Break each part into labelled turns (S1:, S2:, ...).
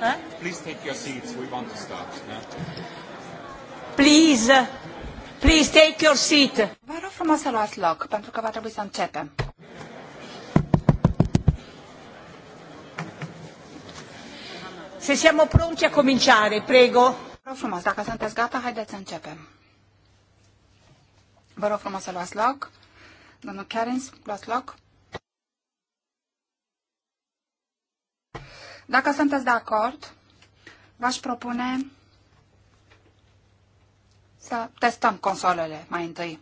S1: Please take your seats. We want to start.
S2: Please, please take your seat. Vă rog frumos să luați loc, pentru că va trebui să începem. Se siamo pronti a cominciare, prego. Vă rog frumos, dacă sunteți gata, haideți să începem. Vă rog frumos să luați loc. Domnul Kerins, luați loc. Dacă sunteți de acord, v-aș propune să testăm consolele mai întâi.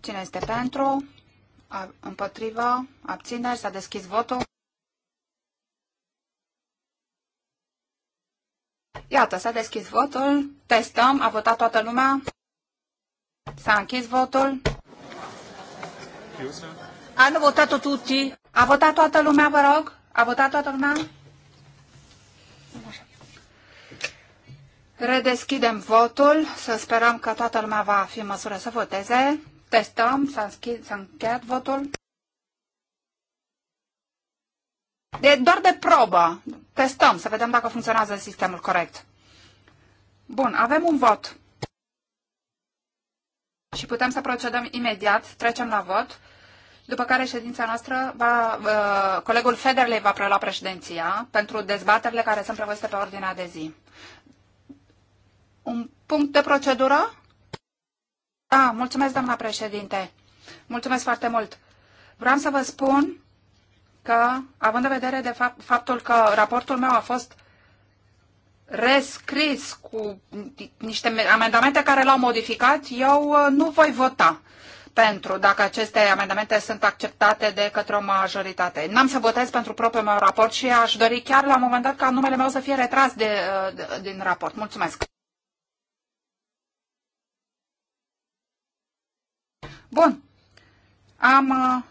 S2: Cine este pentru? A, împotrivă? Abțineri? S-a deschis votul? Iată, s-a deschis votul. Testăm. A votat toată lumea. S-a închis votul. Hanno votato tutti? A votat toată lumea, vă rog? A votat toată lumea? Redeschidem votul, să sperăm că toată lumea va fi în măsură să voteze. Testăm, s-a, încheiat votul. De, doar de probă. Testăm să vedem dacă funcționează sistemul corect. Bun, avem un vot. Și putem să procedăm imediat. Trecem la vot după care ședința noastră va, uh, colegul Federley va prelua președinția pentru dezbaterile care sunt prevăzute pe ordinea de zi. Un punct de procedură? Da, mulțumesc, doamna președinte. Mulțumesc foarte mult. Vreau să vă spun că, având în vedere de fapt, faptul că raportul meu a fost rescris cu niște amendamente care l-au modificat, eu uh, nu voi vota pentru, dacă aceste amendamente sunt acceptate de către o majoritate. N-am să votez pentru propriul meu raport și aș dori chiar la un moment dat ca numele meu să fie retras de, de, din raport. Mulțumesc! Bun. Am uh,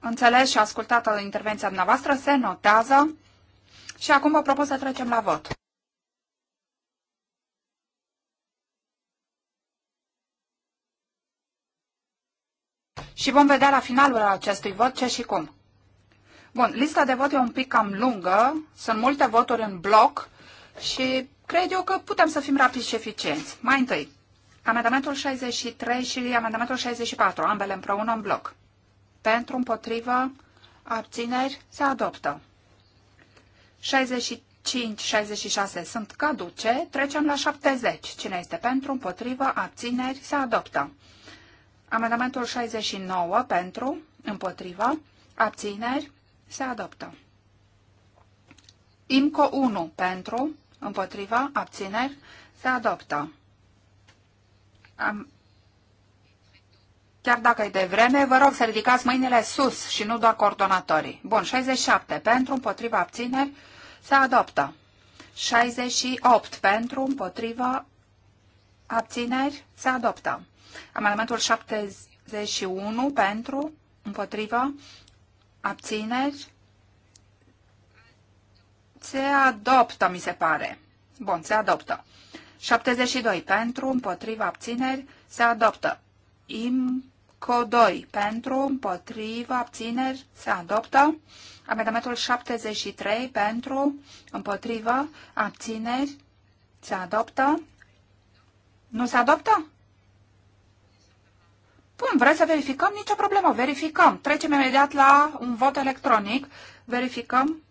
S2: înțeles și ascultat uh, intervenția dumneavoastră, se notează și acum vă propun să trecem la vot. și vom vedea la finalul acestui vot ce și cum. Bun, lista de vot e un pic cam lungă, sunt multe voturi în bloc și cred eu că putem să fim rapizi și eficienți. Mai întâi, amendamentul 63 și amendamentul 64, ambele împreună în bloc. Pentru, împotrivă, abțineri, se adoptă. 65, 66 sunt caduce, trecem la 70. Cine este pentru, împotrivă, abțineri, se adoptă. Amendamentul 69 pentru, împotriva, abțineri, se adoptă. IMCO 1 pentru, împotriva, abțineri, se adoptă. Am... Chiar dacă e de vreme, vă rog să ridicați mâinile sus și nu doar coordonatorii. Bun, 67 pentru, împotriva, abțineri, se adoptă. 68 pentru, împotriva, abțineri, se adoptă. Amendamentul 71 pentru, împotrivă, abțineri. Se adoptă, mi se pare. Bun, se adoptă. 72 pentru, împotriva, abțineri, se adoptă. IMCO 2 pentru, împotriva, abțineri, se adoptă. Amendamentul 73 pentru, împotriva, abțineri, se adoptă. Nu se adoptă? Bun, vreți să verificăm? Nicio problemă, verificăm. Trecem imediat la un vot electronic. Verificăm.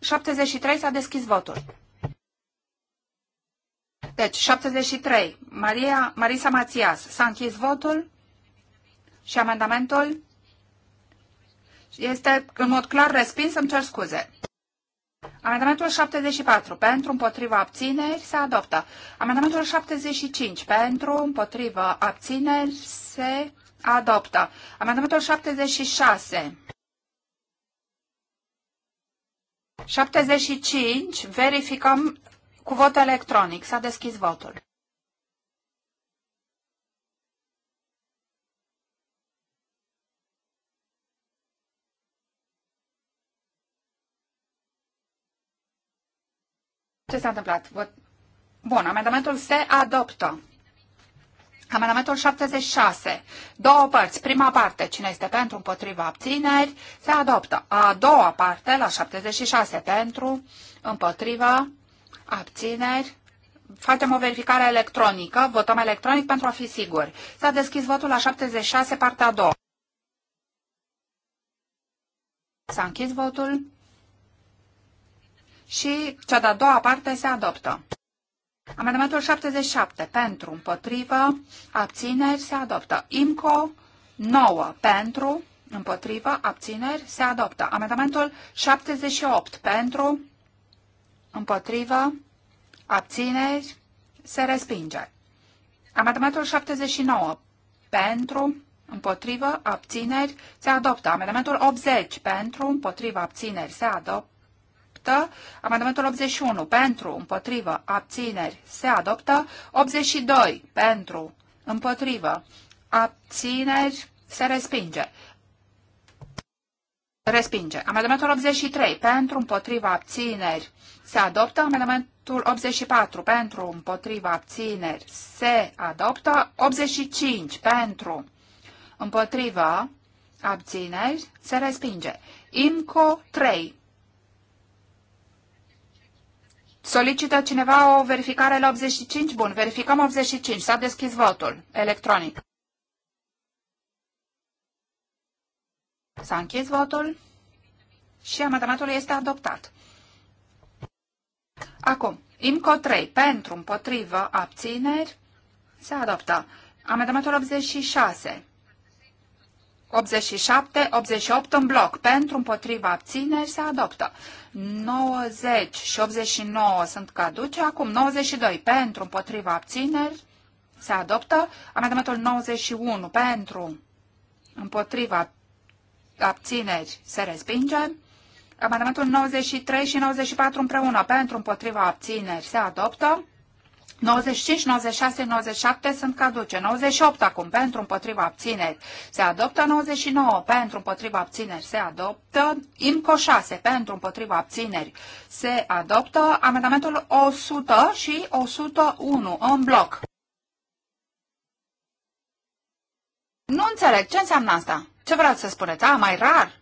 S2: 73 s-a deschis votul. Deci, 73. Maria, Marisa Matias. S-a închis votul și amendamentul este în mod clar respins. Îmi cer scuze. Amendamentul 74. Pentru, împotriva, abțineri, se adoptă. Amendamentul 75. Pentru, împotriva, abțineri, se adoptă. Amendamentul 76. 75. Verificăm cu vot electronic. S-a deschis votul. Ce s-a întâmplat? Bun, amendamentul se adoptă. Amendamentul 76. Două părți. Prima parte. Cine este pentru, împotriva, abțineri, se adoptă. A doua parte, la 76, pentru, împotriva, abțineri. Facem o verificare electronică. Votăm electronic pentru a fi siguri. S-a deschis votul la 76, partea a doua. S-a închis votul și cea de-a doua parte se adoptă. Amendamentul 77 pentru, împotrivă, abțineri, se adoptă. IMCO 9 pentru, împotrivă, abțineri, se adoptă. Amendamentul 78 pentru, împotrivă, abțineri, se respinge. Amendamentul 79 pentru, împotrivă, abțineri, se adoptă. Amendamentul 80 pentru, împotrivă, abțineri, se adoptă adoptă. Amendamentul 81 pentru, împotrivă, abțineri, se adoptă. 82 pentru, împotrivă, abțineri, se respinge. Respinge. Amendamentul 83 pentru, împotrivă, abțineri, se adoptă. Amendamentul 84 pentru, împotriva, abțineri, se adoptă. 85 pentru, împotriva, abțineri, se respinge. IMCO 3 Solicită cineva o verificare la 85? Bun, verificăm 85. S-a deschis votul electronic. S-a închis votul și amendamentul este adoptat. Acum, IMCO 3, pentru, împotrivă, abțineri, se adoptă. Amendamentul 86, 87, 88 în bloc. Pentru, împotriva, abțineri se adoptă. 90 și 89 sunt caduce. Acum 92 pentru, împotriva, abțineri se adoptă. Amendamentul 91 pentru, împotriva, abțineri se respinge. Amendamentul 93 și 94 împreună pentru, împotriva, abțineri se adoptă. 95, 96, 97 sunt caduce. 98 acum pentru împotriva abțineri se adoptă. 99 pentru împotriva abțineri se adoptă. IMCO 6 pentru împotriva abțineri se adoptă. Amendamentul 100 și 101 în bloc. Nu înțeleg. Ce înseamnă asta? Ce vreau să spuneți? A, mai rar?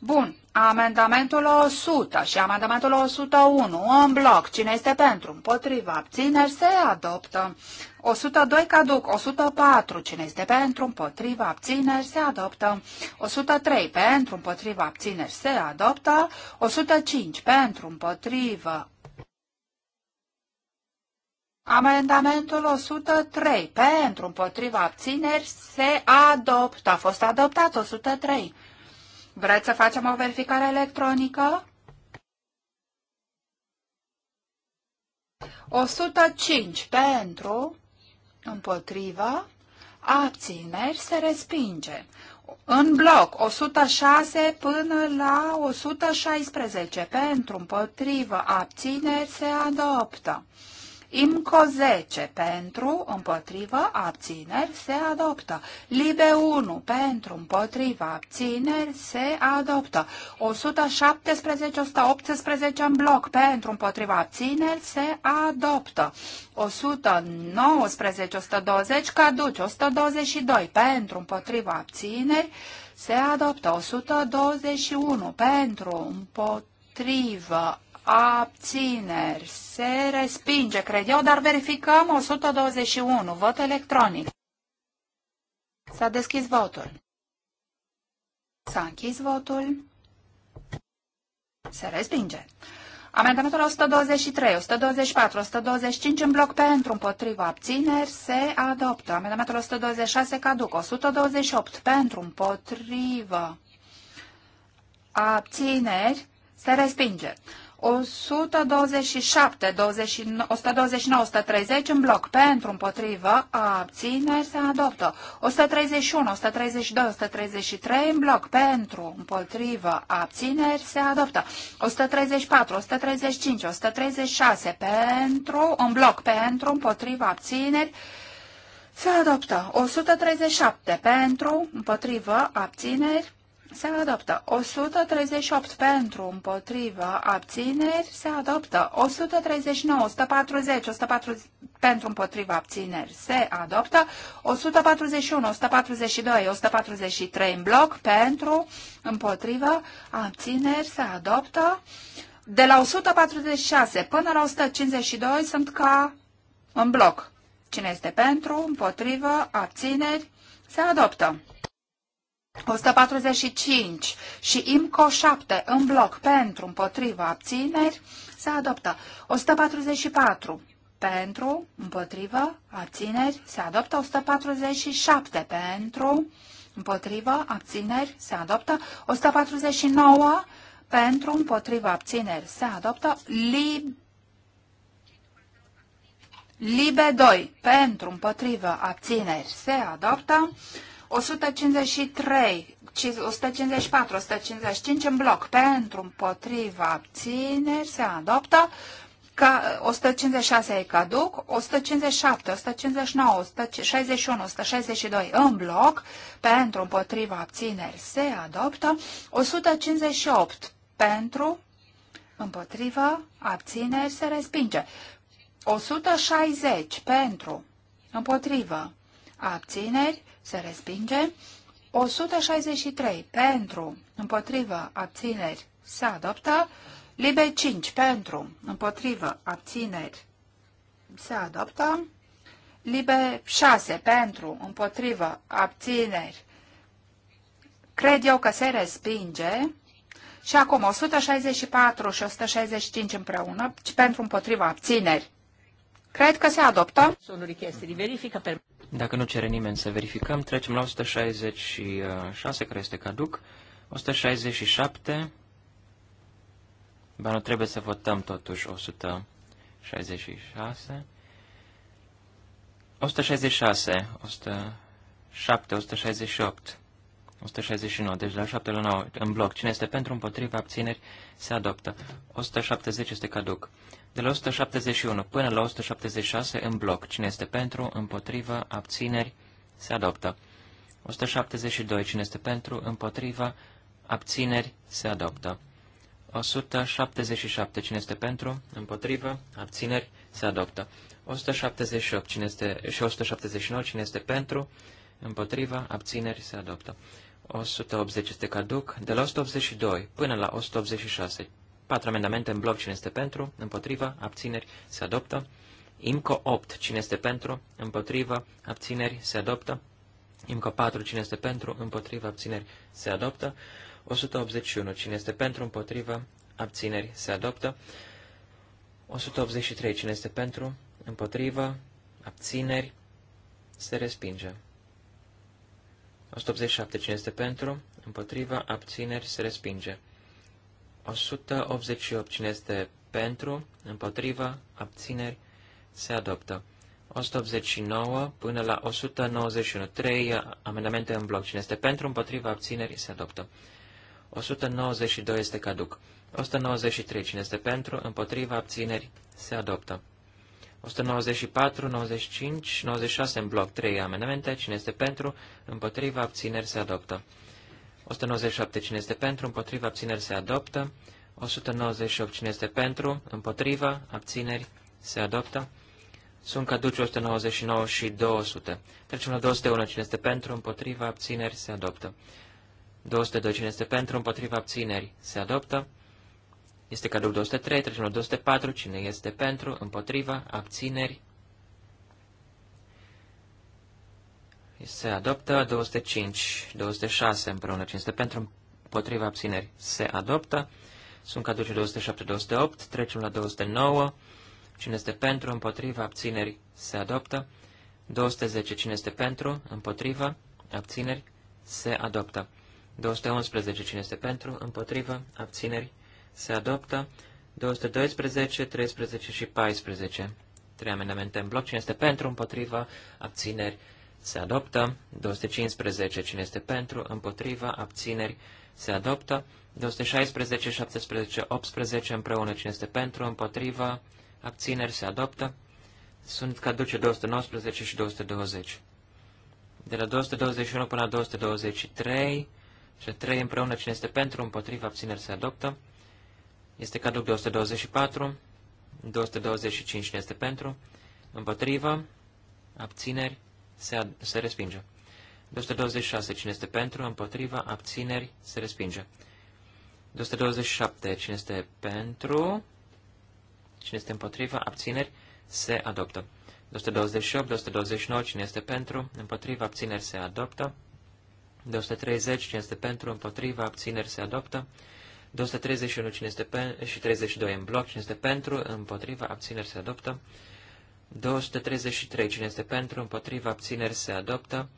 S2: Bun, amendamentul 100 și amendamentul 101 în bloc. Cine este pentru? Împotriva. Abțineri se adoptă. 102 caduc. 104. Cine este pentru? Împotriva. Abțineri se adoptă. 103 pentru. Împotriva. Abțineri se adoptă. 105 pentru. Împotriva. Amendamentul 103 pentru împotriva abțineri se adoptă. A fost adoptat 103. Vreți să facem o verificare electronică? 105 pentru, împotriva, abțineri se respinge. În bloc 106 până la 116 pentru, împotrivă, abțineri se adoptă. IMCO 10 pentru, împotrivă, abțineri, se adoptă. LIBE 1 pentru, împotrivă, abțineri, se adoptă. 117-118 în bloc pentru, împotrivă, abțineri, se adoptă. 119-120 caduci, 122 pentru, împotrivă, abțineri, se adoptă. 121 pentru, împotrivă, abțineri, se respinge, cred eu, dar verificăm 121, vot electronic. S-a deschis votul. S-a închis votul. Se respinge. Amendamentul 123, 124, 125 în bloc pentru, împotriva, abțineri, se adoptă. Amendamentul 126 caduc, 128 pentru, împotrivă, abțineri, se respinge. 127, 29, 129, 130 în bloc pentru, împotrivă, abțineri se adoptă. 131, 132, 133 în bloc pentru, împotrivă, abțineri se adoptă. 134, 135, 136 pentru, în bloc pentru, împotrivă, abțineri se adoptă. 137 pentru, împotrivă, abțineri se adoptă 138 pentru, împotriva, abțineri, se adoptă 139, 140, 140 pentru, împotriva, abțineri, se adoptă 141, 142, 143 în bloc, pentru, împotriva, abțineri, se adoptă. De la 146 până la 152 sunt ca în bloc. Cine este pentru, împotriva, abțineri, se adoptă. 145 și IMCO 7 în bloc pentru împotriva abțineri se adoptă. 144 pentru împotriva abțineri se adoptă. 147 pentru împotriva abțineri se adoptă. 149 pentru împotriva abțineri se adoptă. Lib Libe 2 pentru împotriva abțineri se adoptă. 153, 154, 155 în bloc. Pentru, împotriva, abțineri, se adoptă. Ca 156 e caduc, 157, 159, 161, 162 în bloc, pentru împotriva abțineri se adoptă, 158 pentru împotriva abțineri se respinge, 160 pentru împotriva abțineri se respinge. 163 pentru, împotrivă, abțineri, se adoptă. Libe 5 pentru, împotrivă, abțineri, se adoptă. Libe 6 pentru, împotrivă, abțineri, cred eu că se respinge. Și acum 164 și 165 împreună, pentru împotriva abțineri. Cred că se adoptă. Sunt chestii, verifică. Per...
S1: Dacă nu cere nimeni să verificăm, trecem la 166, care este caduc. 167. Ba nu trebuie să votăm totuși 166. 166, 107, 168, 169, deci la 7 la 9 în bloc. Cine este pentru, împotriva, abțineri, se adoptă. 170 este caduc. De la 171 până la 176 în bloc. Cine este pentru, împotrivă, abțineri, se adoptă. 172. Cine este pentru, împotrivă, abțineri, se adoptă. 177. Cine este pentru, împotrivă, abțineri, se adoptă. 178 cine este, și 179. Cine este pentru, împotrivă, abțineri, se adoptă. 180 este caduc. De la 182 până la 186. 4 amendamente în bloc. Cine este pentru? Împotrivă? Abțineri? Se adoptă. IMCO 8. Cine este pentru? Împotrivă? Abțineri? Se adoptă. IMCO 4. Cine este pentru? Împotrivă? Abțineri? Se adoptă. 181. Cine este pentru? Împotrivă? Abțineri? Se adoptă. 183. Cine este pentru? Împotrivă? Abțineri? Se respinge. 187. Cine este pentru? Împotrivă? Abțineri? Se respinge. 188. Cine este pentru, împotriva, abțineri, se adoptă. 189 până la 191. 3 amendamente în bloc. Cine este pentru, împotriva, abțineri, se adoptă. 192 este caduc. 193. Cine este pentru, împotriva, abțineri, se adoptă. 194, 95, 96 în bloc. 3 amendamente. Cine este pentru, împotriva, abțineri, se adoptă. 197 cine este pentru, împotriva, abțineri se adoptă. 198 cine este pentru, împotriva, abțineri se adoptă. Sunt caduci 199 și 200. Trecem la 201 cine este pentru, împotriva, abțineri se adoptă. 202 cine este pentru, împotriva, abțineri se adoptă. Este caduc 203, trecem la 204, cine este pentru, împotriva, abțineri Se adoptă 205, 206 împreună, 500 pentru, împotriva abțineri. Se adoptă. Sunt caduce 207, 208. Trecem la 209. Cine este pentru, împotriva, abțineri, se adoptă. 210. Cine este pentru, împotriva, abțineri, se adoptă. 211. Cine este pentru, împotriva, abțineri, se adoptă. 212, 13 și 14. Trei amendamente în bloc. Cine este pentru, împotriva, abțineri, se se adoptă, 215 cine este pentru, împotriva, abțineri, se adoptă, 216, 17, 18 împreună cine este pentru, împotriva, abțineri, se adoptă, sunt caduce 219 și 220. De la 221 până la 223, cele 3 împreună cine este pentru, împotriva, abțineri, se adoptă, este caduc 224, 225 cine este pentru, împotriva, abțineri, se, ad- se respinge. 226. Cine este pentru, împotriva, abțineri, se respinge. 227. Cine este pentru, cine este împotriva, abțineri, se adoptă. 228, 229, cine este pentru, împotriva, abțineri, se adoptă. 230, cine este pentru, împotriva, abțineri, se adoptă. 231 cine este pentru, și 32 în bloc, cine este pentru, împotriva, abțineri, se adoptă. 233. Cine este pentru, împotriva, abțineri, se adoptă.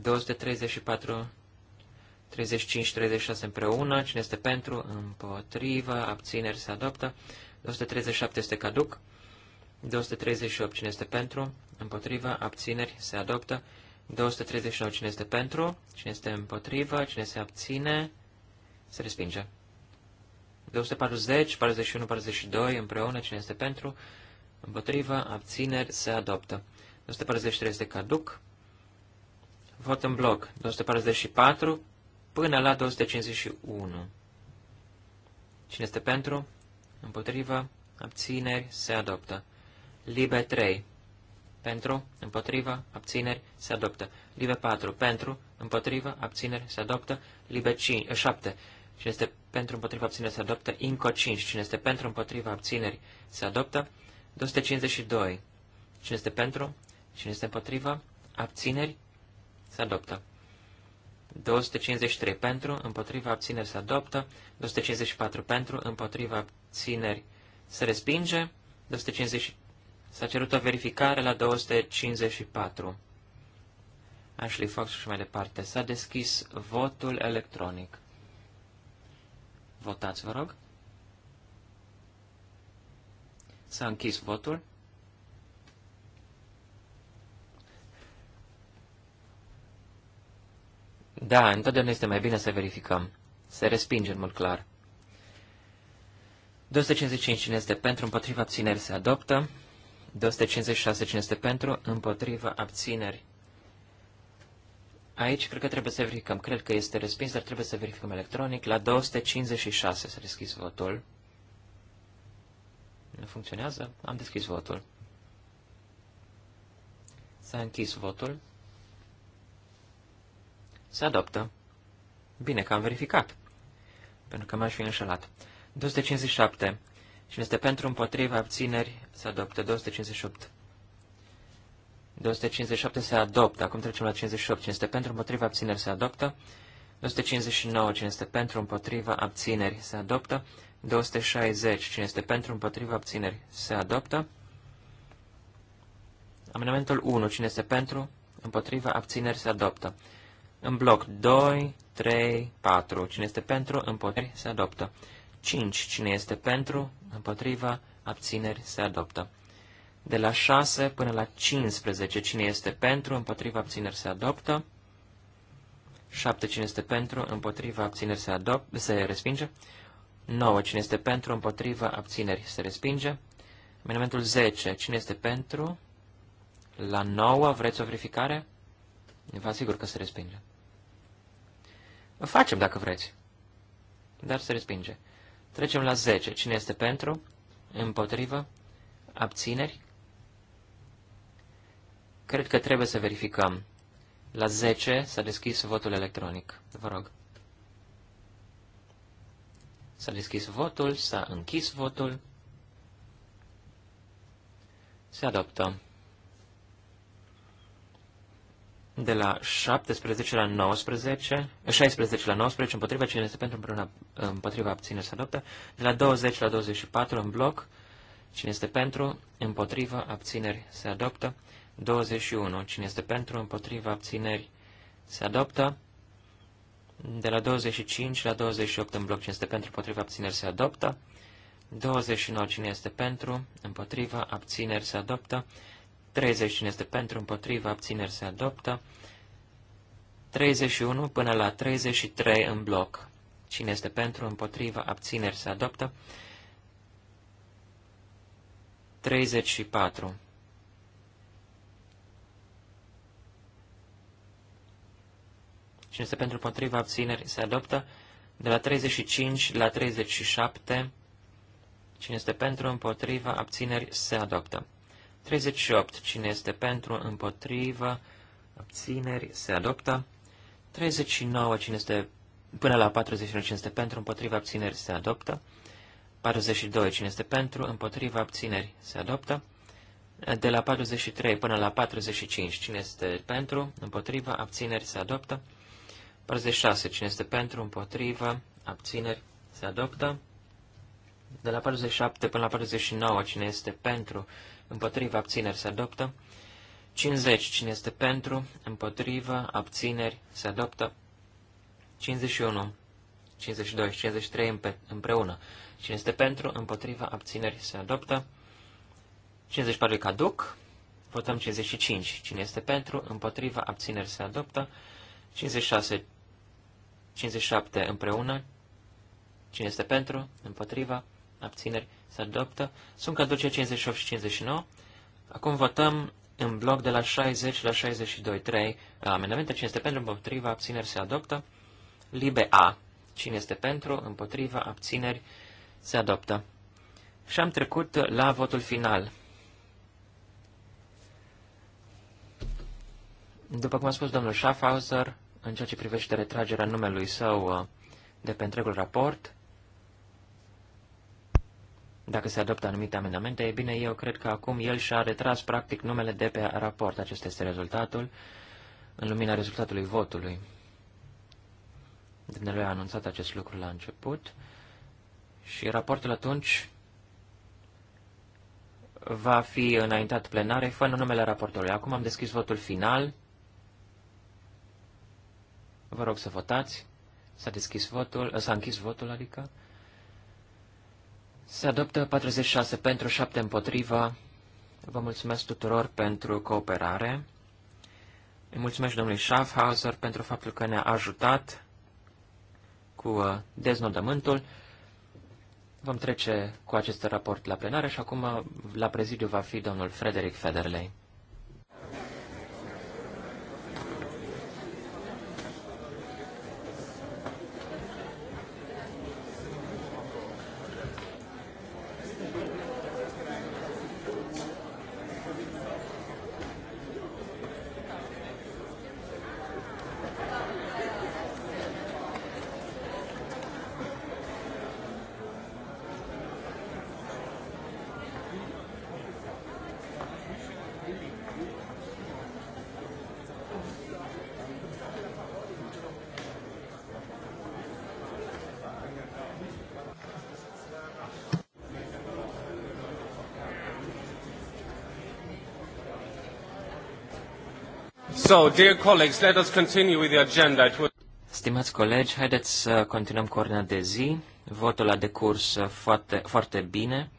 S1: 234, 35, 36 împreună. Cine este pentru, împotriva, abțineri, se adoptă. 237 este caduc. 238. Cine este pentru, împotriva, abțineri, se adoptă. 239. Cine este pentru, cine este împotriva, cine se abține, se respinge. 240, 41, 42 împreună. Cine este pentru, împotriva, abțineri, se adoptă. 243 este caduc. Vot în bloc. 244 până la 251. Cine este pentru? Împotriva, abțineri, se adoptă. Libe 3. Pentru, împotriva, abțineri, se adoptă. Libe 4. Pentru, împotriva, abțineri, se adoptă. Libe 5, 7. Eh, Cine este pentru, împotriva, abțineri, se adoptă. Inco 5. Cine este pentru, împotriva, abțineri, se adoptă. 252. Cine este pentru? Cine este împotriva? Abțineri? Se adoptă. 253 pentru, împotriva abțineri se adoptă, 254 pentru, împotriva abțineri se respinge, 250 s-a cerut o verificare la 254. Ashley Fox și mai departe. S-a deschis votul electronic. Votați, vă rog. S-a închis votul. Da, întotdeauna este mai bine să verificăm. Se respinge în mult clar. 255 cine este pentru, împotriva abțineri se adoptă. 256 cine este pentru, împotriva abțineri. Aici cred că trebuie să verificăm. Cred că este respins, dar trebuie să verificăm electronic. La 256 s-a deschis votul. Nu funcționează? Am deschis votul. S-a închis votul. Se adoptă. Bine că am verificat, pentru că m-aș fi înșelat. 257. Cine este pentru, împotriva, abțineri, se adoptă. 258. 257 se adoptă. Acum trecem la 58. Cine este pentru, împotriva, abțineri, se adoptă. 259. Cine este pentru, împotriva, abțineri, se adoptă. 260. Cine este pentru, împotriva, abțineri, se adoptă. Amendamentul 1. Cine este pentru, împotriva, abțineri, se adoptă. În bloc 2, 3, 4. Cine este pentru, împotriva, se adoptă. 5. Cine este pentru, împotriva, abțineri, se adoptă. De la 6 până la 15. Cine este pentru, împotriva, abțineri, se adoptă. 7. Cine este pentru, împotriva, abțineri, se, adop- se respinge. 9. Cine este pentru, împotriva, abțineri, se respinge. Amendamentul 10. Cine este pentru? La 9 vreți o verificare? Vă asigur că se respinge. O facem dacă vreți. Dar se respinge. Trecem la 10. Cine este pentru? Împotrivă? Abțineri? Cred că trebuie să verificăm. La 10 s-a deschis votul electronic. Vă rog. S-a deschis votul, s-a închis votul. Se adoptă. De la 17 la 19, 16 eh, la 19, împotriva cine este pentru, împreună, împotriva abține, se adoptă. De la 20 la 24, în bloc, cine este pentru, împotriva, abțineri, se adoptă. 21, cine este pentru, împotriva, abțineri, se adoptă. De la 25 la 28 în bloc, cine este pentru, împotriva, abțineri, se adoptă. 29, cine este pentru, împotriva, abțineri, se adoptă. 30, cine este pentru, împotriva, abțineri, se adoptă. 31 până la 33 în bloc. Cine este pentru, împotriva, abțineri, se adoptă. 34. Cine este pentru împotriva abțineri se adoptă. De la 35 la 37. Cine este pentru împotriva abțineri se adoptă. 38. Cine este pentru împotriva abțineri se adoptă. 39. Cine este până la 41. Cine este pentru împotriva abțineri se adoptă. 42. Cine este pentru împotriva abțineri se adoptă de la 43 până la 45, cine este pentru, împotriva, abțineri, se adoptă. 46. Cine este pentru, împotrivă, abțineri, se adoptă. De la 47 până la 49, cine este pentru, împotrivă, abțineri, se adoptă. 50. Cine este pentru, împotrivă, abțineri, se adoptă. 51, 52 53 împreună. Cine este pentru, împotrivă, abțineri, se adoptă. 54 caduc. Votăm 55. Cine este pentru, împotrivă, abțineri, se adoptă. 56 57 împreună. Cine este pentru? Împotriva? Abțineri? Se adoptă. Sunt caduce 58 și 59. Acum votăm în bloc de la 60 la 62. 3 amendamente. Cine este pentru? Împotriva? Abțineri? Se adoptă. Libe A. Cine este pentru? Împotriva? Abțineri? Se adoptă. Și am trecut la votul final. După cum a spus domnul Schaffhauser, în ceea ce privește retragerea numelui său uh, de pe întregul raport, dacă se adoptă anumite amendamente, e bine, eu cred că acum el și-a retras practic numele de pe raport. Acesta este rezultatul în lumina rezultatului votului. Dumnezeu a anunțat acest lucru la început și raportul atunci va fi înaintat plenare fără numele raportului. Acum am deschis votul final. Vă rog să votați. S-a deschis votul, uh, s-a închis votul, adică. Se adoptă 46 pentru, 7 împotriva. Vă mulțumesc tuturor pentru cooperare. Îi mulțumesc domnului Schaffhauser pentru faptul că ne-a ajutat cu uh, deznodământul. Vom trece cu acest raport la plenară și acum uh, la prezidiu va fi domnul Frederic Federley.
S2: So, dear colleagues, let us continue with the agenda.
S1: Stimați colegi, haideți să continuăm cu ordinea de zi. Votul a decurs uh, foarte, foarte bine.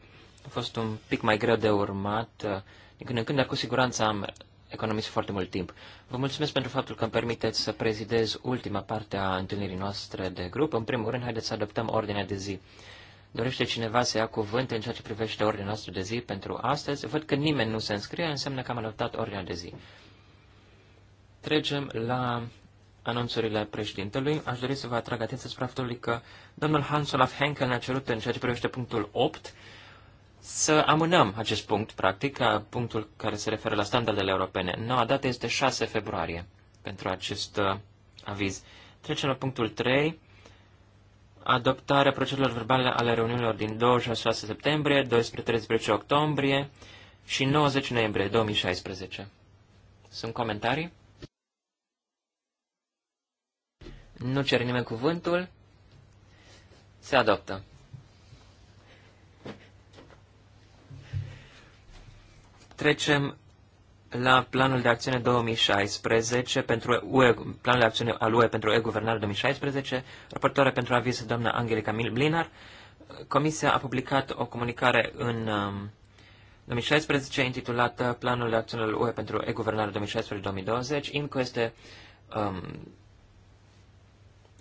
S1: A fost un pic mai greu de urmat uh, din când în când, dar cu siguranță am economisit foarte mult timp. Vă mulțumesc pentru faptul că îmi permiteți să prezidez ultima parte a întâlnirii noastre de grup. În primul rând, haideți să adoptăm ordinea de zi. Dorește cineva să ia cuvânt în ceea ce privește ordinea noastră de zi pentru astăzi? Văd că nimeni nu se înscrie, înseamnă că am adoptat ordinea de zi. Trecem la anunțurile președintelui. Aș dori să vă atrag atenția asupra faptului că domnul Hans Olaf Henkel ne-a cerut în ceea ce privește punctul 8 să amânăm acest punct, practic, ca punctul care se referă la standardele europene. Noua dată este 6 februarie pentru acest uh, aviz. Trecem la punctul 3 adoptarea procedurilor verbale ale reuniunilor din 26 septembrie, 12-13 octombrie și 90 noiembrie 2016. Sunt comentarii? Nu cere nimeni cuvântul. Se adoptă. Trecem la planul de acțiune 2016 pentru UE, planul de acțiune al UE pentru e-guvernare 2016, raportoare pentru aviz doamna Angelica Blinar. Comisia a publicat o comunicare în 2016 um, intitulată Planul de acțiune al UE pentru e-guvernare 2016-2020. IMCO este um,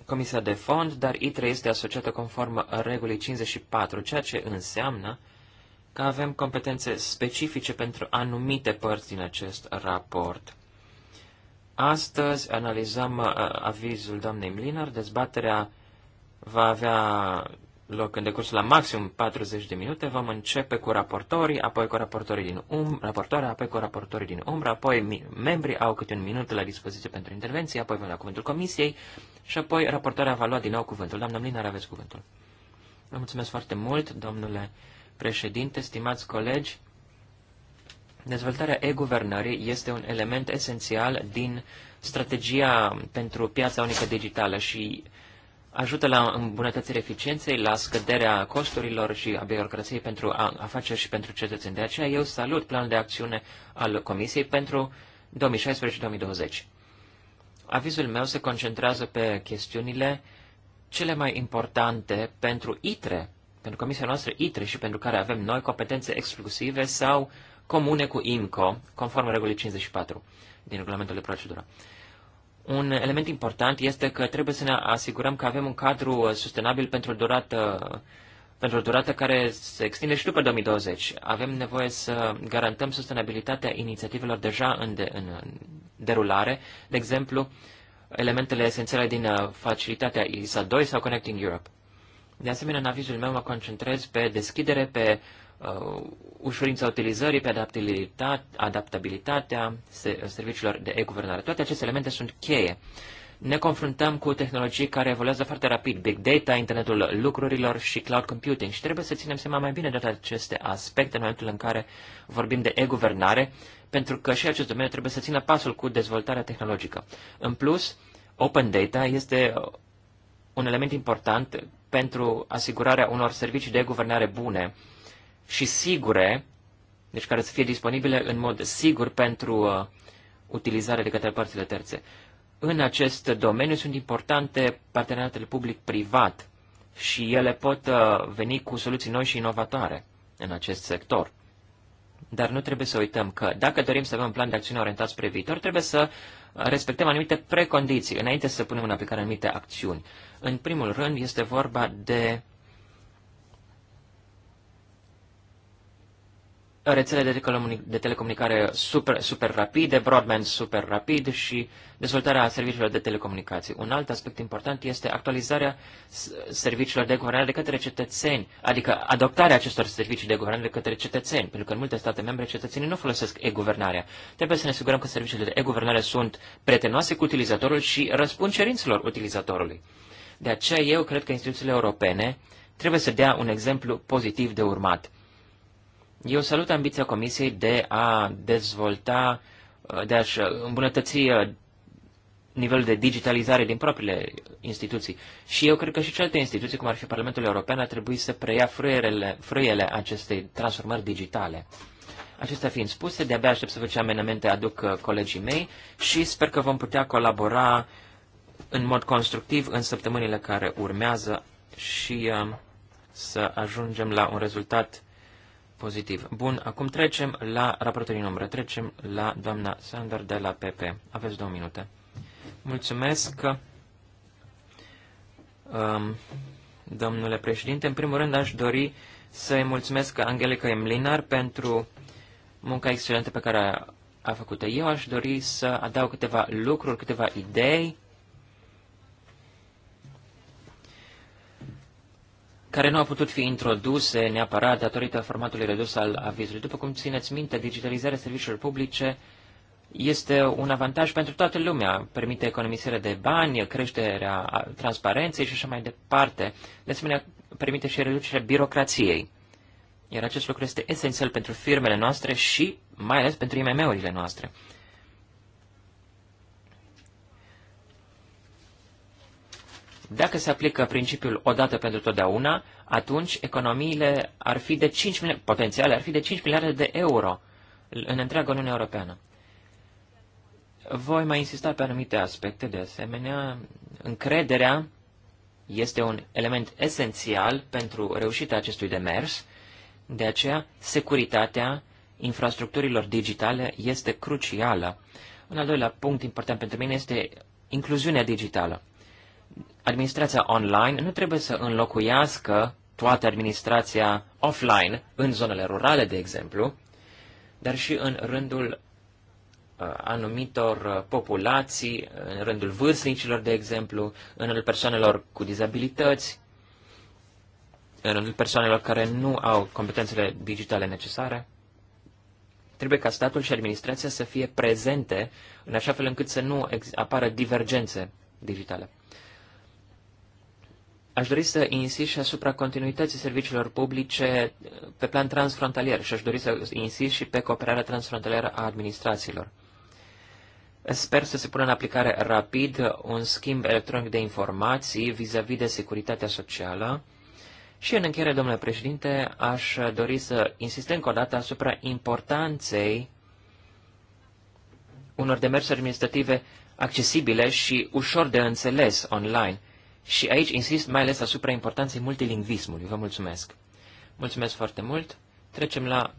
S1: Comisia de Fond, dar ITRE este asociată conform regulii 54, ceea ce înseamnă că avem competențe specifice pentru anumite părți din acest raport. Astăzi analizăm uh, avizul doamnei Mlinar, dezbaterea va avea loc în decurs la maxim 40 de minute. Vom începe cu raportorii, apoi cu raportorii din um, raportoare, apoi cu raportorii din umbră, apoi membrii au câte un minut la dispoziție pentru intervenție, apoi vom la cuvântul comisiei și apoi raportoarea va lua din nou cuvântul. Doamna Mlinar, aveți cuvântul. Vă mulțumesc foarte mult, domnule președinte, stimați colegi. Dezvoltarea e-guvernării este un element esențial din strategia pentru piața unică digitală și ajută la îmbunătățirea eficienței, la scăderea costurilor și a birocrației pentru afaceri și pentru cetățeni. De aceea eu salut planul de acțiune al Comisiei pentru 2016-2020. Avizul meu se concentrează pe chestiunile cele mai importante pentru ITRE, pentru Comisia noastră ITRE și pentru care avem noi competențe exclusive sau comune cu IMCO, conform regulii 54 din regulamentul de procedură. Un element important este că trebuie să ne asigurăm că avem un cadru sustenabil pentru o durată, pentru o durată care se extinde și după 2020. Avem nevoie să garantăm sustenabilitatea inițiativelor deja în, de, în derulare, de exemplu, elementele esențiale din uh, facilitatea ISA 2 sau Connecting Europe. De asemenea, în avizul meu mă concentrez pe deschidere, pe Uh, ușurința utilizării, pe adaptabilitatea serviciilor de e-guvernare. Toate aceste elemente sunt cheie. Ne confruntăm cu tehnologii care evoluează foarte rapid, big data, internetul lucrurilor și cloud computing și trebuie să ținem seama mai bine de toate aceste aspecte în momentul în care vorbim de e-guvernare, pentru că și acest domeniu trebuie să țină pasul cu dezvoltarea tehnologică. În plus, open data este un element important pentru asigurarea unor servicii de guvernare bune și sigure, deci care să fie disponibile în mod sigur pentru uh, utilizare de către părțile terțe. În acest domeniu sunt importante parteneriatele public-privat și ele pot uh, veni cu soluții noi și inovatoare în acest sector. Dar nu trebuie să uităm că dacă dorim să avem un plan de acțiune orientat spre viitor, trebuie să respectăm anumite precondiții înainte să punem în aplicare anumite acțiuni. În primul rând este vorba de rețele de, telecomunic- de telecomunicare super, super rapide, broadband super rapid și dezvoltarea serviciilor de telecomunicații. Un alt aspect important este actualizarea serviciilor de guvernare de către cetățeni, adică adoptarea acestor servicii de guvernare de către cetățeni, pentru că în multe state membre cetățenii nu folosesc e-guvernarea. Trebuie să ne asigurăm că serviciile de e-guvernare sunt prietenoase cu utilizatorul și răspund cerințelor utilizatorului. De aceea eu cred că instituțiile europene trebuie să dea un exemplu pozitiv de urmat eu salut ambiția Comisiei de a dezvolta, de a-și îmbunătăți uh, nivelul de digitalizare din propriile instituții. Și eu cred că și celelalte instituții, cum ar fi Parlamentul European, ar trebui să preia frâierele, frâiele acestei transformări digitale. Acestea fiind spuse, de-abia aștept să vă ce amenamente aduc uh, colegii mei și sper că vom putea colabora în mod constructiv în săptămânile care urmează și uh, să ajungem la un rezultat pozitiv. Bun, acum trecem la raportul din Trecem la doamna Sander de la PP. Aveți două minute. Mulțumesc, um, domnule președinte. În primul rând aș dori să-i mulțumesc Angelica Emlinar pentru munca excelentă pe care a făcut-o. Eu aș dori să adaug câteva lucruri, câteva idei care nu au putut fi introduse neapărat datorită formatului redus al avizului. După cum țineți minte, digitalizarea serviciilor publice este un avantaj pentru toată lumea. Permite economisirea de bani, creșterea transparenței și așa mai departe. De asemenea, permite și reducerea birocrației. Iar acest lucru este esențial pentru firmele noastre și mai ales pentru IMM-urile noastre. Dacă se aplică principiul odată pentru totdeauna, atunci economiile ar fi de 5 miliarde, potențiale ar fi de 5 miliarde de euro în întreaga Uniune Europeană. Voi mai insista pe anumite aspecte, de asemenea, încrederea este un element esențial pentru reușita acestui demers, de aceea securitatea infrastructurilor digitale este crucială. Un al doilea punct important pentru mine este incluziunea digitală administrația online nu trebuie să înlocuiască toată administrația offline în zonele rurale, de exemplu, dar și în rândul uh, anumitor uh, populații, în rândul vârstnicilor, de exemplu, în rândul persoanelor cu dizabilități, în rândul persoanelor care nu au competențele digitale necesare. Trebuie ca statul și administrația să fie prezente în așa fel încât să nu apară divergențe digitale. Aș dori să insist și asupra continuității serviciilor publice eh, pe plan transfrontalier și aș dori să insist și pe cooperarea transfrontalieră a administrațiilor. Sper să se pună în aplicare rapid un schimb electronic de informații vis-a-vis -vis de securitatea socială. Și în încheiere, domnule președinte, aș dori să insist încă o dată asupra importanței unor demersuri administrative accesibile și ușor de înțeles online – și aici insist mai ales asupra importanței multilingvismului. Vă mulțumesc. Mulțumesc foarte mult. Trecem la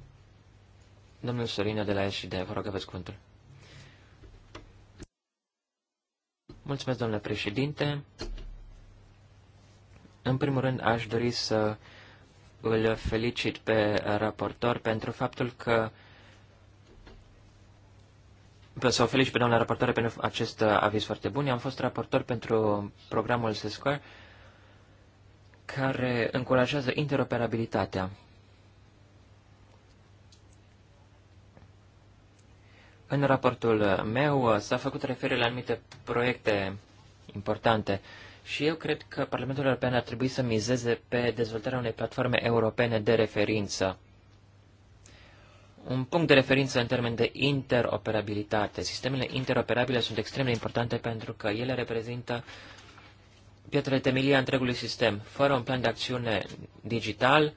S1: domnul sorină de la de Vă rog, aveți cuvântul. Mulțumesc, domnule președinte. În primul rând, aș dori să îl felicit pe raportor pentru faptul că să o felic pe doamna raportoare pentru acest uh, aviz foarte bun. Eu am fost raportor pentru programul Square care încurajează interoperabilitatea. În raportul meu uh, s-a făcut referire la anumite proiecte importante și eu cred că Parlamentul European ar trebui să mizeze pe dezvoltarea unei platforme europene de referință un punct de referință în termen de interoperabilitate. Sistemele interoperabile sunt extrem de importante pentru că ele reprezintă pietrele temelie a întregului sistem. Fără un plan de acțiune digital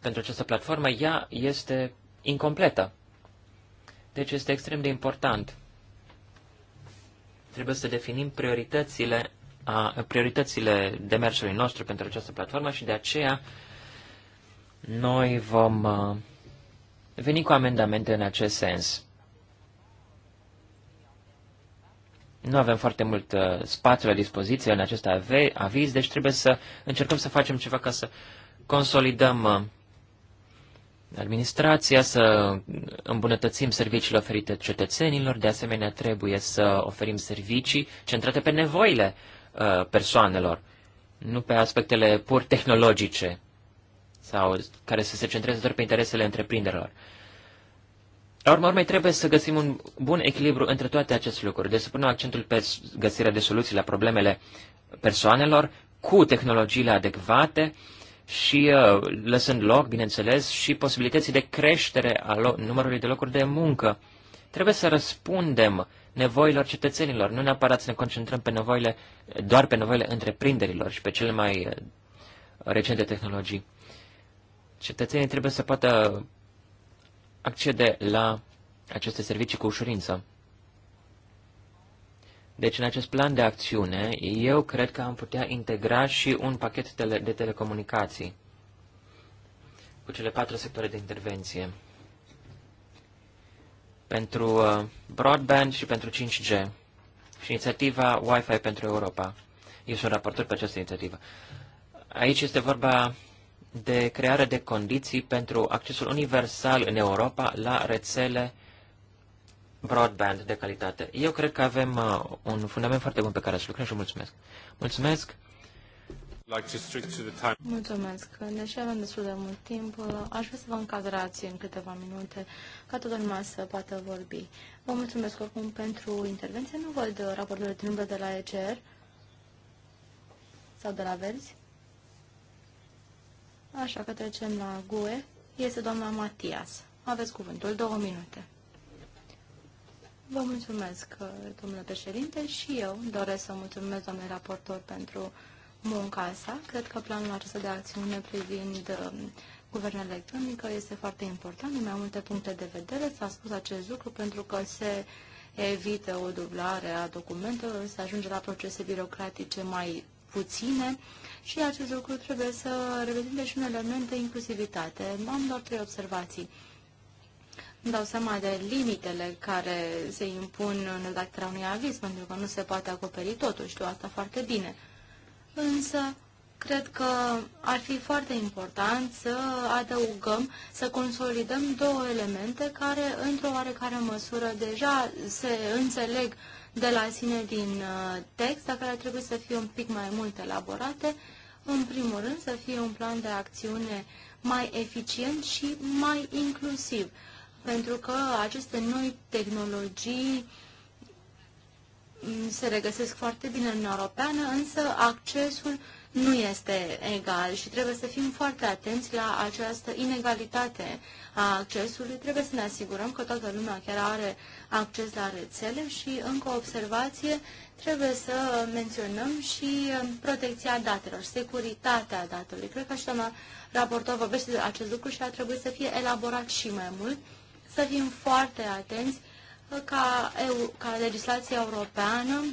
S1: pentru această platformă, ea este incompletă. Deci este extrem de important. Trebuie să definim prioritățile, a, prioritățile demersului nostru pentru această platformă și de aceea noi vom uh, veni cu amendamente în acest sens. Nu avem foarte mult uh, spațiu la dispoziție în acest aviz, deci trebuie să încercăm să facem ceva ca să consolidăm uh, administrația, să îmbunătățim serviciile oferite cetățenilor, de asemenea trebuie să oferim servicii centrate pe nevoile uh, persoanelor, nu pe aspectele pur tehnologice sau care să se centreze doar pe interesele întreprinderilor. La urmă, urmei, trebuie să găsim un bun echilibru între toate aceste lucruri. de deci să punem accentul pe găsirea de soluții la problemele persoanelor cu tehnologiile adecvate și uh, lăsând loc, bineînțeles, și posibilității de creștere a numărului de locuri de muncă. Trebuie să răspundem nevoilor cetățenilor, nu neapărat să ne concentrăm pe nevoile, doar pe nevoile întreprinderilor și pe cele mai uh, recente tehnologii. Cetățenii trebuie să poată accede la aceste servicii cu ușurință. Deci, în acest plan de acțiune, eu cred că am putea integra și un pachet tele de telecomunicații cu cele patru sectoare de intervenție pentru uh, broadband și pentru 5G și inițiativa Wi-Fi pentru Europa. Eu sunt raportor pe această inițiativă. Aici este vorba de creare de condiții pentru accesul universal în Europa la rețele broadband de calitate. Eu cred că avem uh, un fundament foarte bun pe care să lucrăm și mulțumesc. Mulțumesc!
S3: Mulțumesc. Deși avem destul de mult timp, aș vrea să vă încadrați în câteva minute ca toată lumea să poată vorbi. Vă mulțumesc oricum pentru intervenție. Nu văd raportul de de la ECR sau de la Verzi. Așa că trecem la GUE. Este doamna Matias. Aveți cuvântul, două minute. Vă mulțumesc, domnule președinte, și eu doresc să mulțumesc, domnule raportor, pentru munca sa. Cred că planul acesta de acțiune privind uh, guvernul electronică este foarte important din mai multe puncte de vedere. S-a spus acest lucru pentru că se evită o dublare a documentelor, se ajunge la procese birocratice mai puține și acest lucru trebuie să revedem și un element de inclusivitate. Am doar trei observații. Îmi dau seama de limitele care se impun în redactarea unui aviz, pentru că nu se poate acoperi totul, știu asta foarte bine. Însă, cred că ar fi foarte important să adăugăm, să consolidăm două elemente care, într-o oarecare măsură, deja se înțeleg de la sine din uh, text, dar care trebuie să fie un pic mai mult elaborate, în primul rând să fie un plan de acțiune mai eficient și mai inclusiv, pentru că aceste noi tehnologii mm, se regăsesc foarte bine în Europeană, însă accesul uh, nu este egal și trebuie să fim foarte atenți la această inegalitate a accesului. Trebuie să ne asigurăm că toată lumea chiar are acces la rețele și, încă o observație, trebuie să menționăm și um, protecția datelor, securitatea datelor. Cred că și doamna raportor vorbește de acest lucru și ar trebui să fie elaborat și mai mult, să fim foarte atenți uh, ca, EU, ca legislația europeană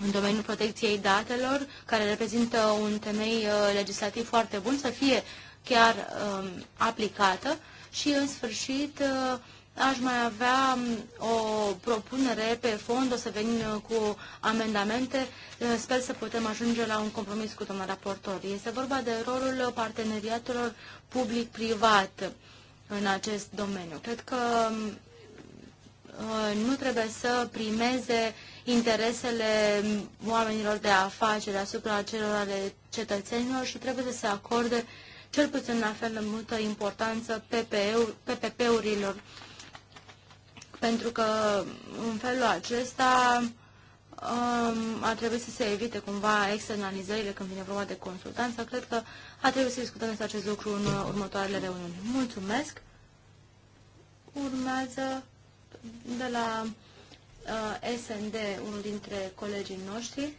S3: în domeniul protecției datelor, care reprezintă un temei uh, legislativ foarte bun, să fie chiar um, aplicată și, în sfârșit, uh, aș mai avea um, o propunere pe fond, o să venim uh, cu amendamente. Sper să putem ajunge la un compromis cu domnul raportor. Este vorba de rolul parteneriatelor public-privat în acest domeniu. Cred că um, nu trebuie să primeze uh, interesele oamenilor de afaceri asupra celor ale cetățenilor și trebuie să se acorde cel puțin la fel de multă importanță PPP-urilor. Pentru că în felul acesta um, ar trebui să se evite cumva externalizările când vine vorba de consultanță. Cred că ar trebui să discutăm despre acest lucru în următoarele reuniuni. Mulțumesc! Urmează de la Uh, SND, unul dintre colegii noștri,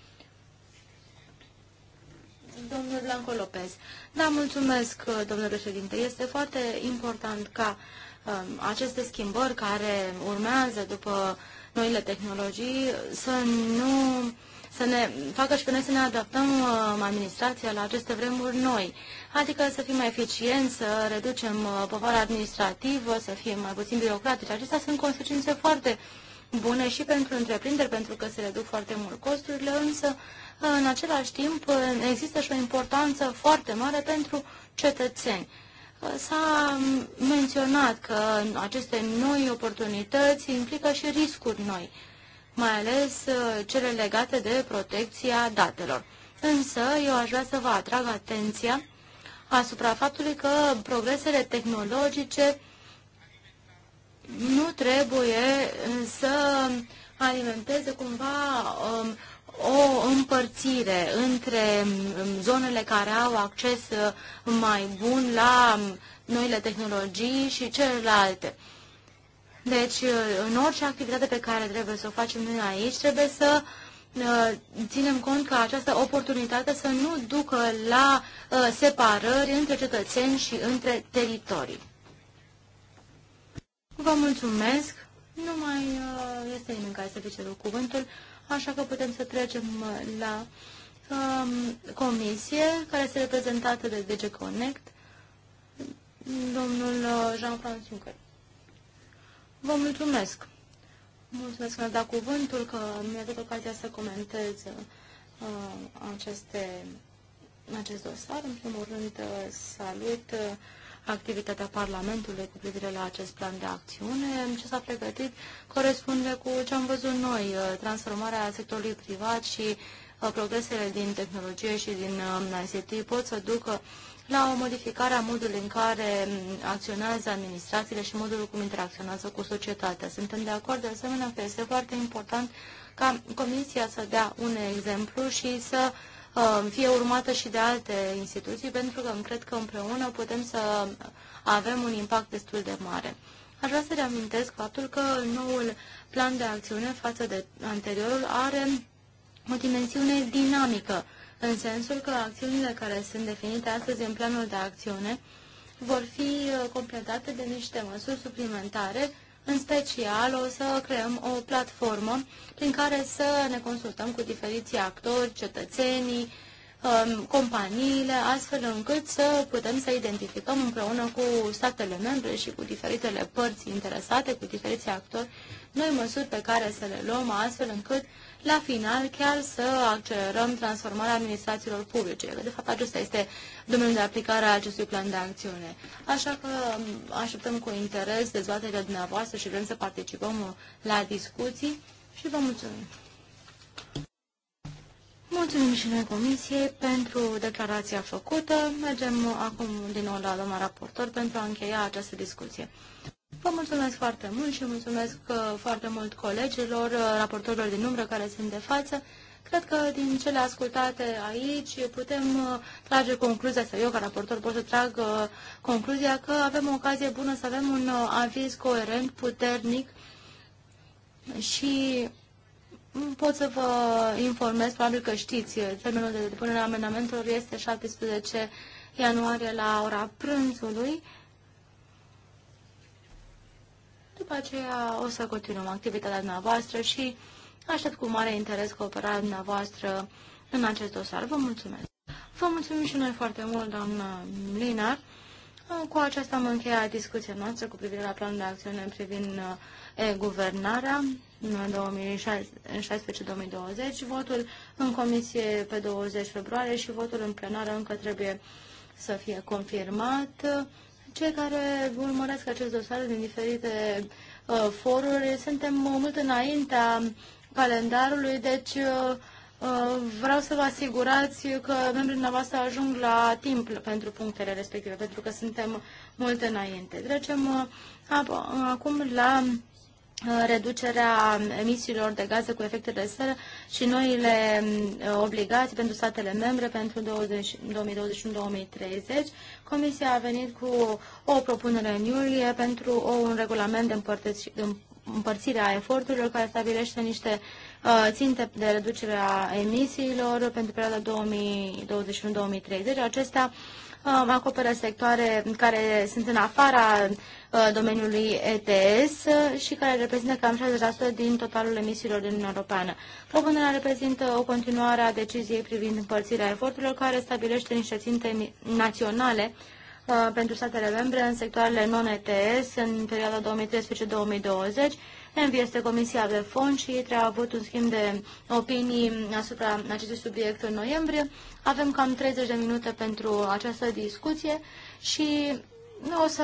S3: domnul Blanco Lopez. Da, mulțumesc, uh, domnule președinte. Este foarte important ca um, aceste schimbări care urmează după noile tehnologii să nu să ne facă și pe noi să ne adaptăm uh, administrația la aceste vremuri noi. Adică să fim mai eficienți, să reducem uh, povara administrativă, să fim mai puțin birocratici. Acestea sunt consecințe foarte uh, bune și pentru întreprinderi, pentru că se reduc foarte mult costurile, însă în același timp există și o importanță foarte mare pentru cetățeni. S-a menționat că aceste noi oportunități implică și riscuri noi, mai ales uh, cele legate de protecția datelor. Însă eu aș vrea să vă atrag atenția asupra faptului că progresele tehnologice nu trebuie uh, să alimenteze cumva um, o împărțire între um, zonele care au acces uh, mai bun la um, noile tehnologii și celelalte. Deci, uh, în orice activitate pe care trebuie să o facem noi aici, trebuie să ținem cont că această oportunitate să nu ducă la separări între cetățeni și între teritorii. Vă mulțumesc. Nu mai uh, este nimeni care să fi cuvântul, așa că putem să trecem uh, la uh, comisie care este reprezentată de DG Connect, domnul uh, Jean-François Juncker. Vă mulțumesc. Mulțumesc că mi a dat cuvântul, că mi-a dat ocazia să comentez uh, aceste, acest dosar. În primul rând, salut uh, activitatea Parlamentului cu privire la acest plan de acțiune. Ce s-a pregătit corespunde cu ce am văzut noi, uh, transformarea sectorului privat și uh, progresele din tehnologie și din uh, ICT pot să ducă la o modificare a modului în care um, acționează administrațiile și modul cum interacționează cu societatea. Suntem de acord de asemenea că este foarte important ca Comisia să dea un exemplu și să uh, Um, fie urmată și de alte instituții, pentru că cred că împreună putem să avem un impact destul de mare. Aș vrea să reamintesc faptul că noul plan de acțiune față de anteriorul are o dimensiune dinamică, în sensul că acțiunile care sunt definite astăzi în planul de acțiune vor fi uh, completate de niște măsuri suplimentare în special, o să creăm o platformă prin care să ne consultăm cu diferiții actori, cetățenii, um, companiile, astfel încât să putem să identificăm împreună cu statele membre și cu diferitele părți interesate, cu diferiți actori, noi măsuri pe care să le luăm astfel încât la final chiar să accelerăm transformarea administrațiilor publice. De fapt, acesta este domeniul de aplicare a acestui plan de acțiune. Așa că așteptăm cu interes dezbaterea dumneavoastră și vrem să participăm la discuții și vă mulțumim. Mulțumim și noi Comisiei pentru declarația făcută. Mergem acum din nou la domnul raportor pentru a încheia această discuție. Vă mulțumesc foarte mult și mulțumesc uh, foarte mult colegilor, uh, raportorilor din umbră care sunt de față. Cred că din cele ascultate aici putem uh, trage concluzia, sau eu ca raportor pot să trag concluzia că avem o ocazie bună să avem un aviz coerent, puternic și pot să vă informez, probabil că știți, termenul de depunere a amendamentelor este 17 ianuarie la ora prânzului. După aceea o să continuăm activitatea dumneavoastră și aștept cu mare interes cooperarea dumneavoastră în acest dosar. Vă mulțumesc! Vă mulțumim și noi foarte mult, doamnă Linar. Cu aceasta am încheiat discuția noastră cu privire la planul de acțiune privind e guvernarea 2016-2020, votul în comisie pe 20 februarie și votul în plenară încă trebuie să fie confirmat. Cei care urmăresc acest dosar din diferite uh, foruri, suntem mult înaintea calendarului, deci uh, uh, vreau să vă asigurați că membrii dumneavoastră ajung la timp pentru punctele respective, pentru că suntem mult înainte. Trecem uh, acum la uh, reducerea emisiilor de gaze cu efecte de seră și noile obligații pentru statele membre pentru 2021-2030. Comisia a venit cu o propunere în iulie pentru o, un regulament de împărțire a eforturilor care stabilește niște uh, ținte de reducere a emisiilor pentru perioada 2021-2030. Acestea acoperă sectoare care sunt în afara Uh, domeniului ETS uh, și care reprezintă cam 60% din totalul emisiilor din Uniunea Europeană. Propunerea reprezintă o continuare a deciziei privind împărțirea eforturilor care stabilește niște ținte naționale uh, pentru statele membre în sectoarele non-ETS în perioada 2013-2020. Envi este Comisia de Fond și ITRE a avut un schimb de opinii asupra acestui subiect în noiembrie. Avem cam 30 de minute pentru această discuție și o să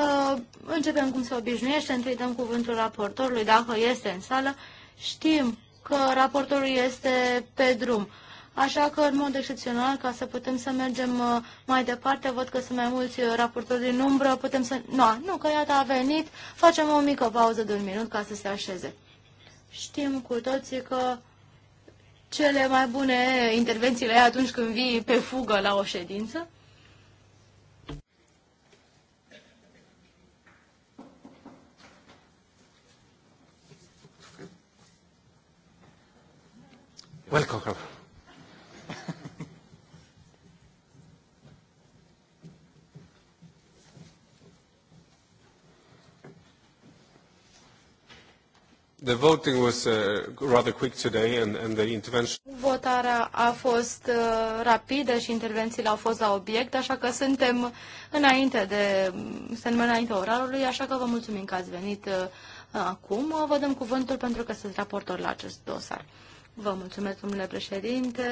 S3: începem cum se obișnuiește, întâi dăm cuvântul raportorului, dacă este în sală. Știm că raportorul este pe drum. Așa că, în mod excepțional, ca să putem să mergem uh, mai departe, văd că sunt mai mulți uh, raportori din umbră, putem să... No, nu, că iată a venit, facem o mică pauză de un minut ca să se așeze. Știm cu toții că cele mai bune intervențiile ai atunci când vii pe fugă la o ședință.
S1: Well,
S2: The voting was uh, rather quick today and, and the intervention...
S3: Votarea a fost uh, rapidă și intervențiile au fost la obiect, așa că suntem înainte de suntem înainte orarului, așa că vă mulțumim că ați venit uh, acum. Vă dăm cuvântul pentru că sunt raportor la acest dosar. Vă mulțumesc, domnule președinte.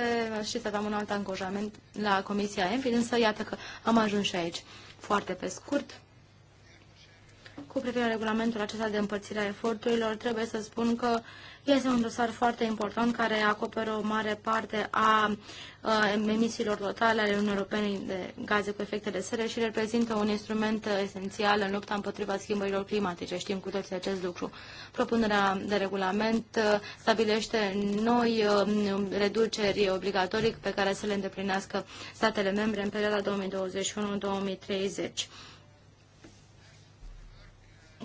S3: Știți, aveam un alt angajament la Comisia EMPI, însă iată că am ajuns și aici. Foarte pe scurt, cu privire la regulamentul acesta de împărțire a eforturilor, trebuie să spun că este un dosar foarte important care acoperă o mare parte a emisiilor totale ale Uniunii Europene de gaze cu efecte de seră și reprezintă un instrument esențial în lupta împotriva schimbărilor climatice. Știm cu toții acest lucru. Propunerea de regulament uh, stabilește noi um, reduceri obligatorii pe care să le îndeplinească statele membre în perioada 2021-2030.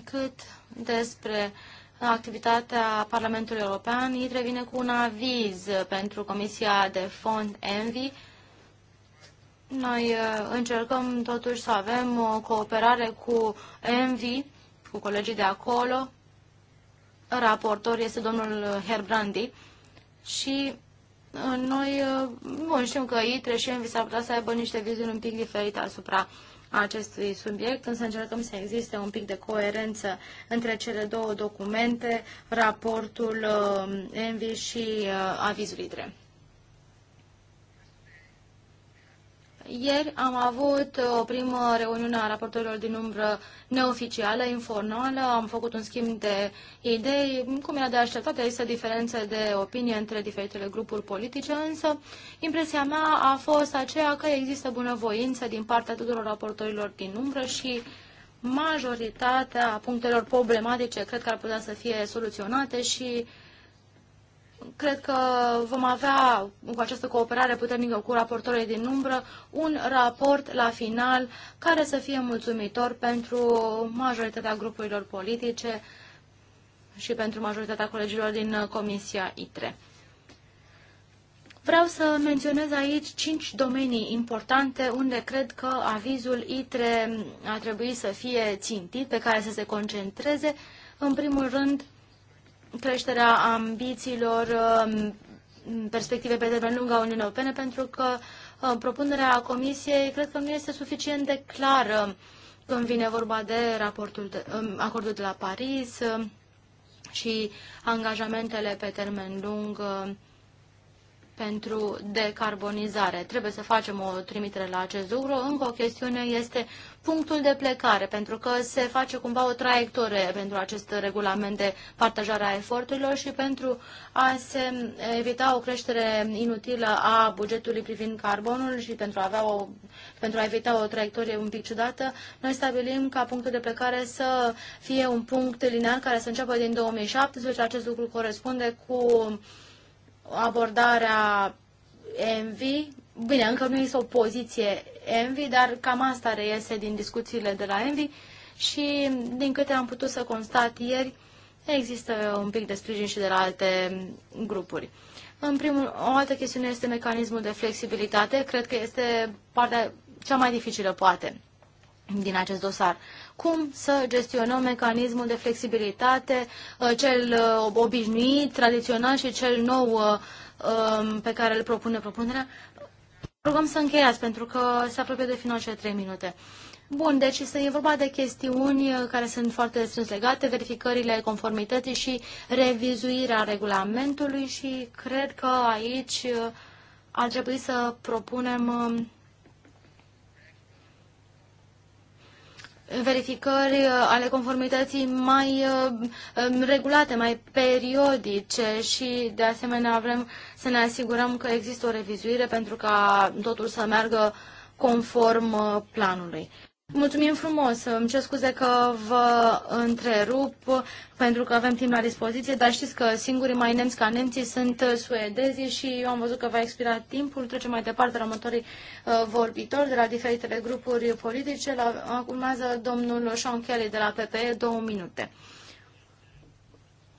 S3: Cât despre uh, activitatea Parlamentului European, ITRE vine cu un aviz pentru Comisia de Fond ENVI. Noi uh, încercăm totuși să avem o cooperare cu ENVI, cu colegii de acolo. Raportor este domnul Herbrandi și uh, noi, uh, bun, știm că ITRE și ENVI s-ar putea să aibă niște viziuni un pic diferite asupra uh, a acestui subiect, însă încercăm să existe un pic de coerență între cele două documente, raportul uh, ENVI și uh, avizul IDRE. Ieri am avut uh, o primă reuniune a raportorilor din umbră neoficială, informală, am făcut un schimb de idei, cum era de așteptat, există diferențe de opinie între diferitele grupuri politice, însă impresia mea a fost aceea că există bunăvoință din partea tuturor raportorilor din umbră și majoritatea punctelor problematice cred că ar putea să fie soluționate și uh, cred că vom avea cu această cooperare puternică cu raportorii din umbră un raport la final care să fie mulțumitor pentru majoritatea grupurilor politice și pentru majoritatea colegilor din Comisia ITRE. Vreau să menționez aici cinci domenii importante unde cred că avizul ITRE a trebuit să fie țintit, pe care să se concentreze. În primul rând, creșterea ambițiilor um, perspective pe termen lung a Uniunii Europene, pentru că um, propunerea Comisiei cred că nu este suficient de clară când vine vorba de raportul de, um, acordul de la Paris și angajamentele pe termen lung pentru decarbonizare. Trebuie să facem o trimitere la acest lucru. Încă o chestiune este punctul de plecare, pentru că se face cumva o traiectorie pentru acest regulament de partajare a eforturilor și pentru a se evita o creștere inutilă a bugetului privind carbonul și pentru a, avea o, pentru a evita o traiectorie un pic ciudată, noi stabilim ca punctul de plecare să fie un punct linear care să înceapă din 2017. Acest lucru corespunde cu abordarea Envy. Bine, încă nu este o poziție Envy, dar cam asta reiese din discuțiile de la Envy și din câte am putut să constat ieri, există un pic de sprijin și de la alte grupuri. În primul, o altă chestiune este mecanismul de flexibilitate. Cred că este partea cea mai dificilă, poate, din acest dosar cum să gestionăm mecanismul de flexibilitate, uh, cel uh, obișnuit, tradițional și cel nou uh, um, pe care îl propune propunerea. Rugăm să încheiați, pentru că se apropie de final cele trei minute. Bun, deci este e vorba de chestiuni care sunt foarte strâns legate, verificările conformității și revizuirea regulamentului și cred că aici ar trebui să propunem um, verificări uh, ale conformității mai uh, um, regulate, mai periodice și de asemenea vrem să ne asigurăm că există o revizuire pentru ca totul să meargă conform uh, planului. Mulțumim frumos. Îmi cer scuze că vă întrerup pentru că avem timp la dispoziție, dar știți că singurii mai nemți ca nemții sunt suedezi și eu am văzut că va expira timpul. Trecem mai departe la următorii uh, vorbitori de la diferitele grupuri politice. La, urmează domnul Sean Kelly de la PPE, două minute.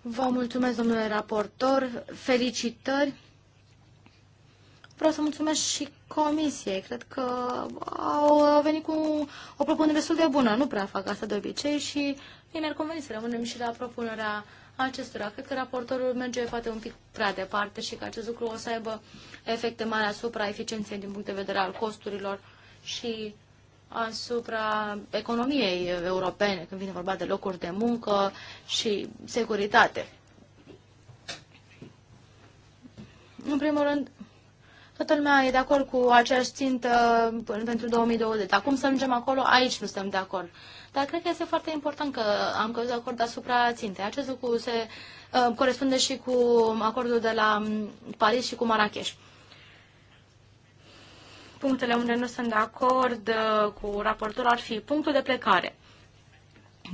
S3: Vă mulțumesc, domnule raportor. Felicitări Vreau să mulțumesc și comisiei. Cred că au venit cu o propunere destul de bună. Nu prea fac asta de obicei și mie mi-ar conveni să rămânem și la propunerea acestora. Cred că raportorul merge poate un pic prea departe și că acest lucru o să aibă efecte mari asupra eficienței din punct de vedere al costurilor și asupra economiei europene, când vine vorba de locuri de muncă și securitate. În primul rând, Toată lumea e de acord cu aceeași țintă uh, pentru 2020. Acum să ajungem acolo, aici nu suntem de acord. Dar cred că este foarte important că am căzut acord asupra țintei. Acest lucru se uh, corespunde și cu acordul de la um, Paris și cu Marrakesh. Punctele unde nu sunt de acord uh, cu raportul ar fi punctul de plecare.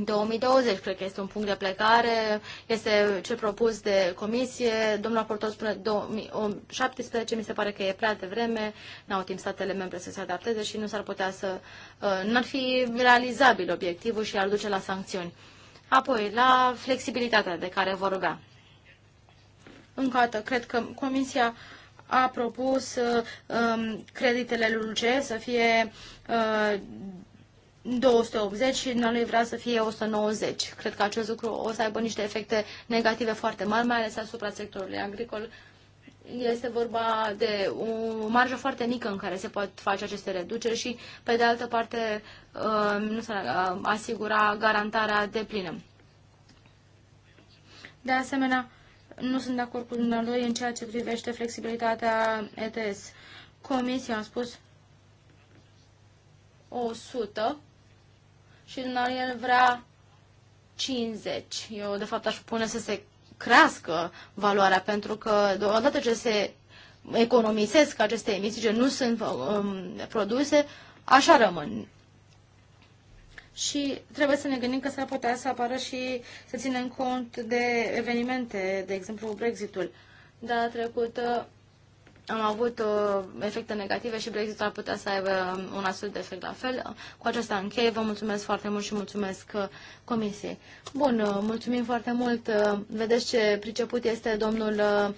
S3: 2020, cred că este un punct de plecare, este ce propus de comisie. Domnul raportor spune 2017, mi se pare că e prea devreme, n-au timp statele membre să se adapteze și nu s-ar putea să... Uh, n-ar fi realizabil obiectivul și ar duce la sancțiuni. Apoi, la flexibilitatea de care vor ruga. Încă o dată, cred că comisia a propus uh, um, creditele LULCE să fie uh, 280 și noi vrea să fie 190. Cred că acest lucru o să aibă niște efecte negative foarte mari, mai ales asupra sectorului agricol. Este vorba de o marjă foarte mică în care se pot face aceste reduceri și, pe de altă parte, um, nu se um, asigura garantarea de plină. De asemenea, nu sunt de acord cu dumneavoastră în ceea ce privește flexibilitatea ETS. Comisia a spus 100 și el vrea 50. Eu, de fapt, aș pune să se crească valoarea, pentru că odată ce se economisesc aceste emisii, ce nu sunt um, produse, așa rămân. Și trebuie să ne gândim că s-ar putea să apară și să ținem cont de evenimente, de exemplu Brexitul. Dar trecută am avut uh, efecte negative și Brexit ar putea să aibă um, un astfel de efect la fel. Cu aceasta închei. Vă mulțumesc foarte mult și mulțumesc uh, comisiei. Bun, uh, mulțumim foarte mult. Uh, vedeți ce priceput este domnul uh,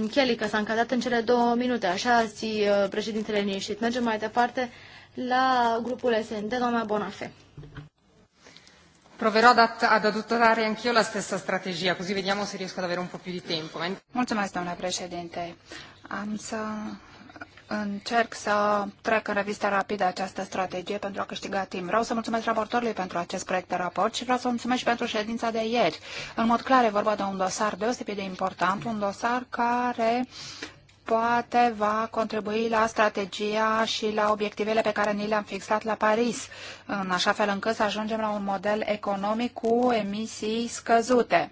S3: um, Kelly, că s-a încadrat în cele două minute. Așa ați uh, președintele liniștit. Mergem mai departe la grupul SND, doamna Bonafe.
S2: Proverò ad adottare anch'io la stessa strategia, così vediamo se riesco ad avere un po' più di tempo. Eh. Mulțumesc, doamna președinte. Am să încerc să trec în revistă rapidă această strategie pentru a câștiga timp. Vreau să mulțumesc raportorului pentru acest proiect de raport și vreau să mulțumesc și pentru ședința de ieri. În mod clar e vorba de un dosar deosebit de important, un dosar care poate va contribui la strategia și la obiectivele pe care ni le-am fixat la Paris, în așa fel încât să ajungem la un model economic cu emisii scăzute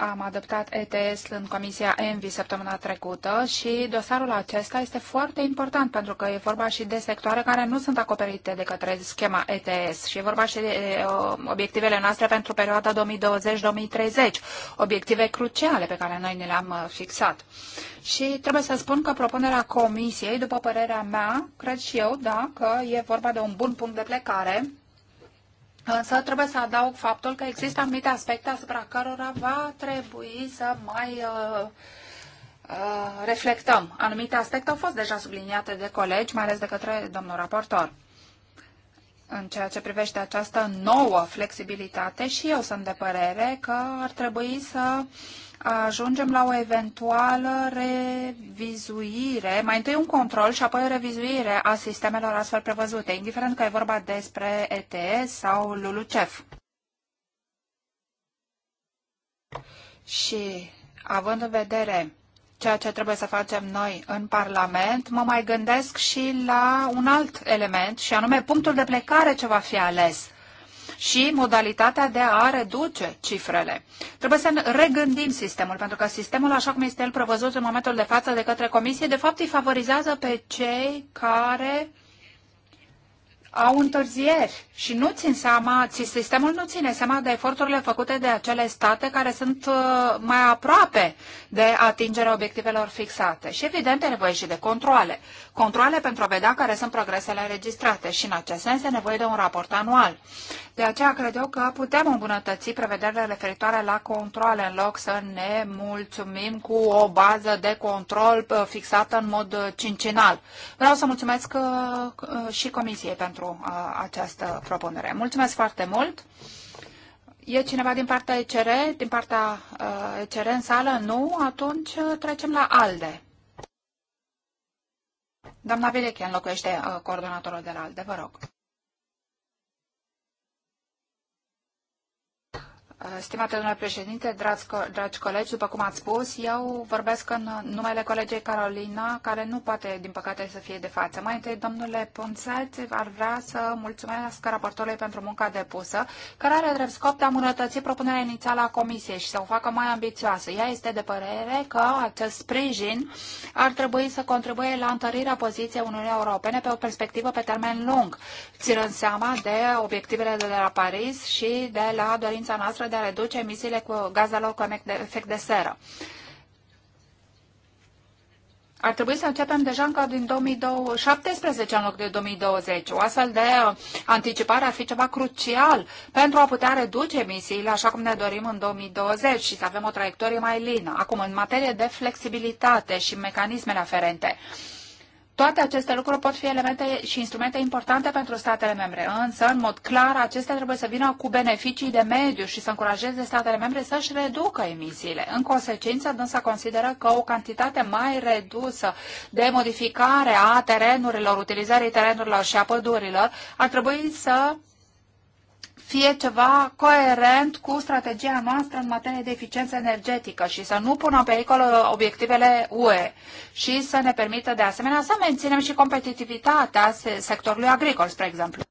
S2: am adoptat ETS în Comisia ENVI săptămâna trecută și dosarul acesta este foarte important pentru că e vorba și de sectoare care nu sunt acoperite de către schema ETS și e vorba și de obiectivele noastre pentru perioada 2020-2030, obiective cruciale pe care noi ne le-am uh, fixat. Și trebuie să spun că propunerea Comisiei, după părerea mea, cred și eu, da, că e vorba de un bun punct de plecare Însă trebuie să adaug faptul că există anumite aspecte asupra cărora va trebui să mai uh, uh, reflectăm. Anumite aspecte au fost deja subliniate de colegi, mai ales de către domnul raportor. În ceea ce privește această nouă flexibilitate și eu sunt de părere că ar trebui să uh, ajungem la o eventuală revizuire, mai întâi un control și apoi o revizuire a sistemelor astfel prevăzute, indiferent că e vorba despre ETS sau LULUCEF. Și având în vedere ceea ce trebuie să facem noi în Parlament, mă mai gândesc și la un alt element, și anume punctul de plecare ce va fi ales și modalitatea de a reduce cifrele. Trebuie să regândim sistemul, pentru că sistemul, așa cum este el prevăzut în momentul de față de către comisie, de fapt îi favorizează pe cei care au întârzieri și nu țin seama, sistemul nu ține seama de eforturile făcute de acele state care sunt uh, mai aproape de atingerea obiectivelor fixate. Și evident e nevoie și de controle. Controle pentru a vedea care sunt progresele înregistrate și în acest sens e nevoie de un raport anual. De aceea cred eu că putem îmbunătăți prevederile referitoare la controle în loc să ne mulțumim cu o bază de control uh, fixată în mod uh, cincinal. Vreau să mulțumesc și Comisiei pentru pentru uh, această propunere. Mulțumesc foarte mult! E cineva din partea ECR, din partea uh, ECR în sală? Nu? Atunci uh, trecem la ALDE. Doamna Vileche înlocuiește uh, coordonatorul de la ALDE, vă rog. Uh, stimate domnule președinte, dragi, co dragi colegi, după cum ați spus, eu vorbesc în numele colegei Carolina, care nu poate, din păcate, să fie de față. Mai întâi, domnule Ponțet, ar vrea să mulțumesc raportorului pentru munca depusă, care are drept scop de a îmbunătăți propunerea inițială a Comisiei și să o facă mai ambițioasă. Ea este de părere că acest sprijin ar trebui să contribuie la întărirea poziției Uniunii Europene pe o perspectivă pe termen lung, ținând seama de obiectivele de la Paris și de la dorința noastră de a reduce emisiile cu gazelor cu efect de seră. Ar trebui să începem deja încă din 2017 în loc de 2020. O astfel de uh, anticipare ar fi ceva crucial pentru a putea reduce emisiile așa cum ne dorim în 2020 și să avem o traiectorie mai lină. Acum, în materie de flexibilitate și mecanismele aferente. Uh, toate aceste lucruri pot fi elemente și instrumente importante pentru statele membre, însă, în mod clar, acestea trebuie să vină cu beneficii de mediu și să încurajeze statele membre să-și reducă emisiile. În consecință, dânsa consideră că o cantitate mai redusă de modificare a terenurilor, utilizării terenurilor și a pădurilor ar trebui să fie ceva coerent cu strategia noastră în materie de eficiență energetică și să nu pună în pericol uh, obiectivele UE și să ne permită de asemenea să menținem și competitivitatea sectorului agricol, spre exemplu.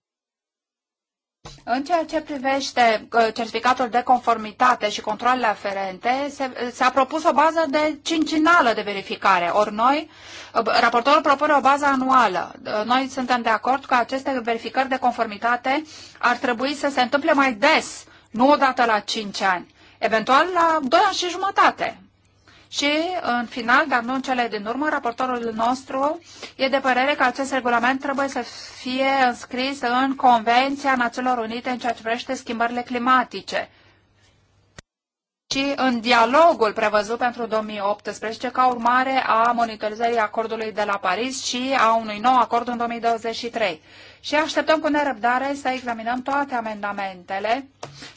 S2: În ceea ce privește uh, certificatul de conformitate și controlele aferente, uh, s-a propus o bază de cincinală de verificare. Ori noi, uh, raportorul propune o bază anuală. Noi suntem de acord că aceste verificări de conformitate ar trebui să se întâmple mai des, nu odată la 5 ani, eventual la 2 ani și jumătate. Și, în final, dar nu în cele din urmă, raportorul nostru e de părere că acest regulament trebuie să fie înscris în Convenția Națiunilor Unite în ceea ce privește schimbările climatice și în dialogul prevăzut pentru 2018 ca urmare a monitorizării acordului de la Paris și a unui nou acord în 2023 și așteptăm cu nerăbdare să examinăm toate amendamentele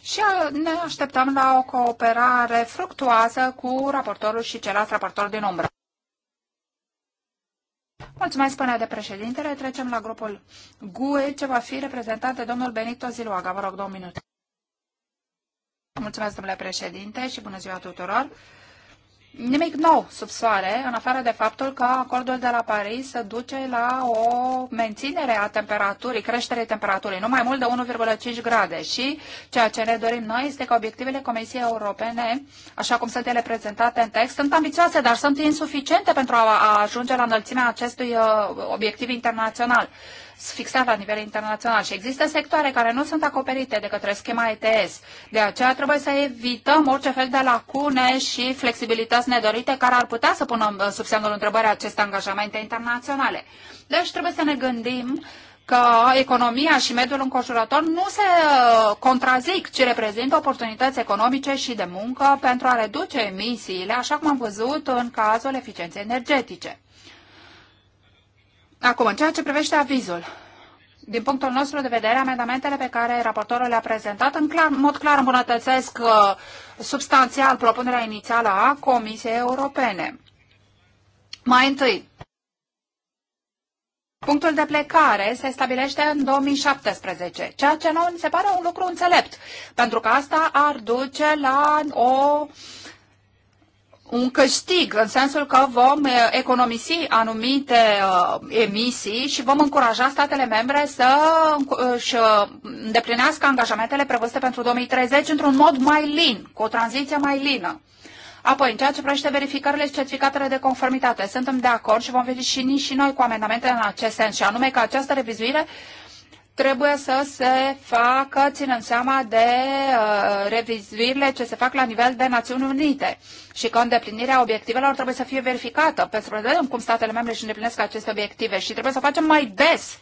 S2: și ne așteptăm la o cooperare fructuoasă cu raportorul și celălalt raportor din umbră. Mulțumesc, până de președintele. Trecem la grupul GUE, ce va fi reprezentat de domnul Benito Ziluaga. Vă rog, două minute. Mulțumesc, domnule președinte, și bună ziua tuturor nimic nou sub soare, în afară de faptul că acordul de la Paris se duce la o menținere a temperaturii, creșterii temperaturii, nu mai mult de 1,5 grade. Și ceea ce ne dorim noi este că obiectivele Comisiei Europene, așa cum sunt ele prezentate în text, sunt ambițioase, dar sunt insuficiente pentru a, ajunge la înălțimea acestui uh, obiectiv internațional fixat la nivel internațional și există sectoare care nu sunt acoperite de către schema ETS. De aceea trebuie să evităm orice fel de lacune și flexibilități nedorite care ar putea să pună sub semnul întrebării aceste angajamente internaționale. Deci trebuie să ne gândim că economia și mediul înconjurător nu se uh, contrazic, ci reprezintă oportunități economice și de muncă pentru a reduce emisiile, așa cum am văzut în cazul eficienței energetice. Acum, în ceea ce privește avizul, din punctul nostru de vedere, amendamentele pe care raportorul le-a prezentat în clar, mod clar îmbunătățesc uh, substanțial propunerea inițială a Comisiei Europene. Mai întâi, Punctul de plecare se stabilește în 2017, ceea ce nouă se pare un lucru înțelept, pentru că asta ar duce la o uh, un câștig, în sensul că vom eh, economisi anumite eh, emisii și vom încuraja statele membre să își eh, îndeplinească angajamentele prevăzute pentru 2030 într-un mod mai lin, cu o tranziție mai lină. Apoi, în ceea ce privește verificările și certificatele de conformitate, suntem de acord și vom veni și, noi cu amendamentele în acest sens, și anume că această revizuire trebuie să se facă, ținând seama de uh, revizuirile ce se fac la nivel de Națiuni Unite și că îndeplinirea obiectivelor trebuie să fie verificată, pentru că vedem cum statele membre își îndeplinesc aceste obiective și trebuie să o facem mai des,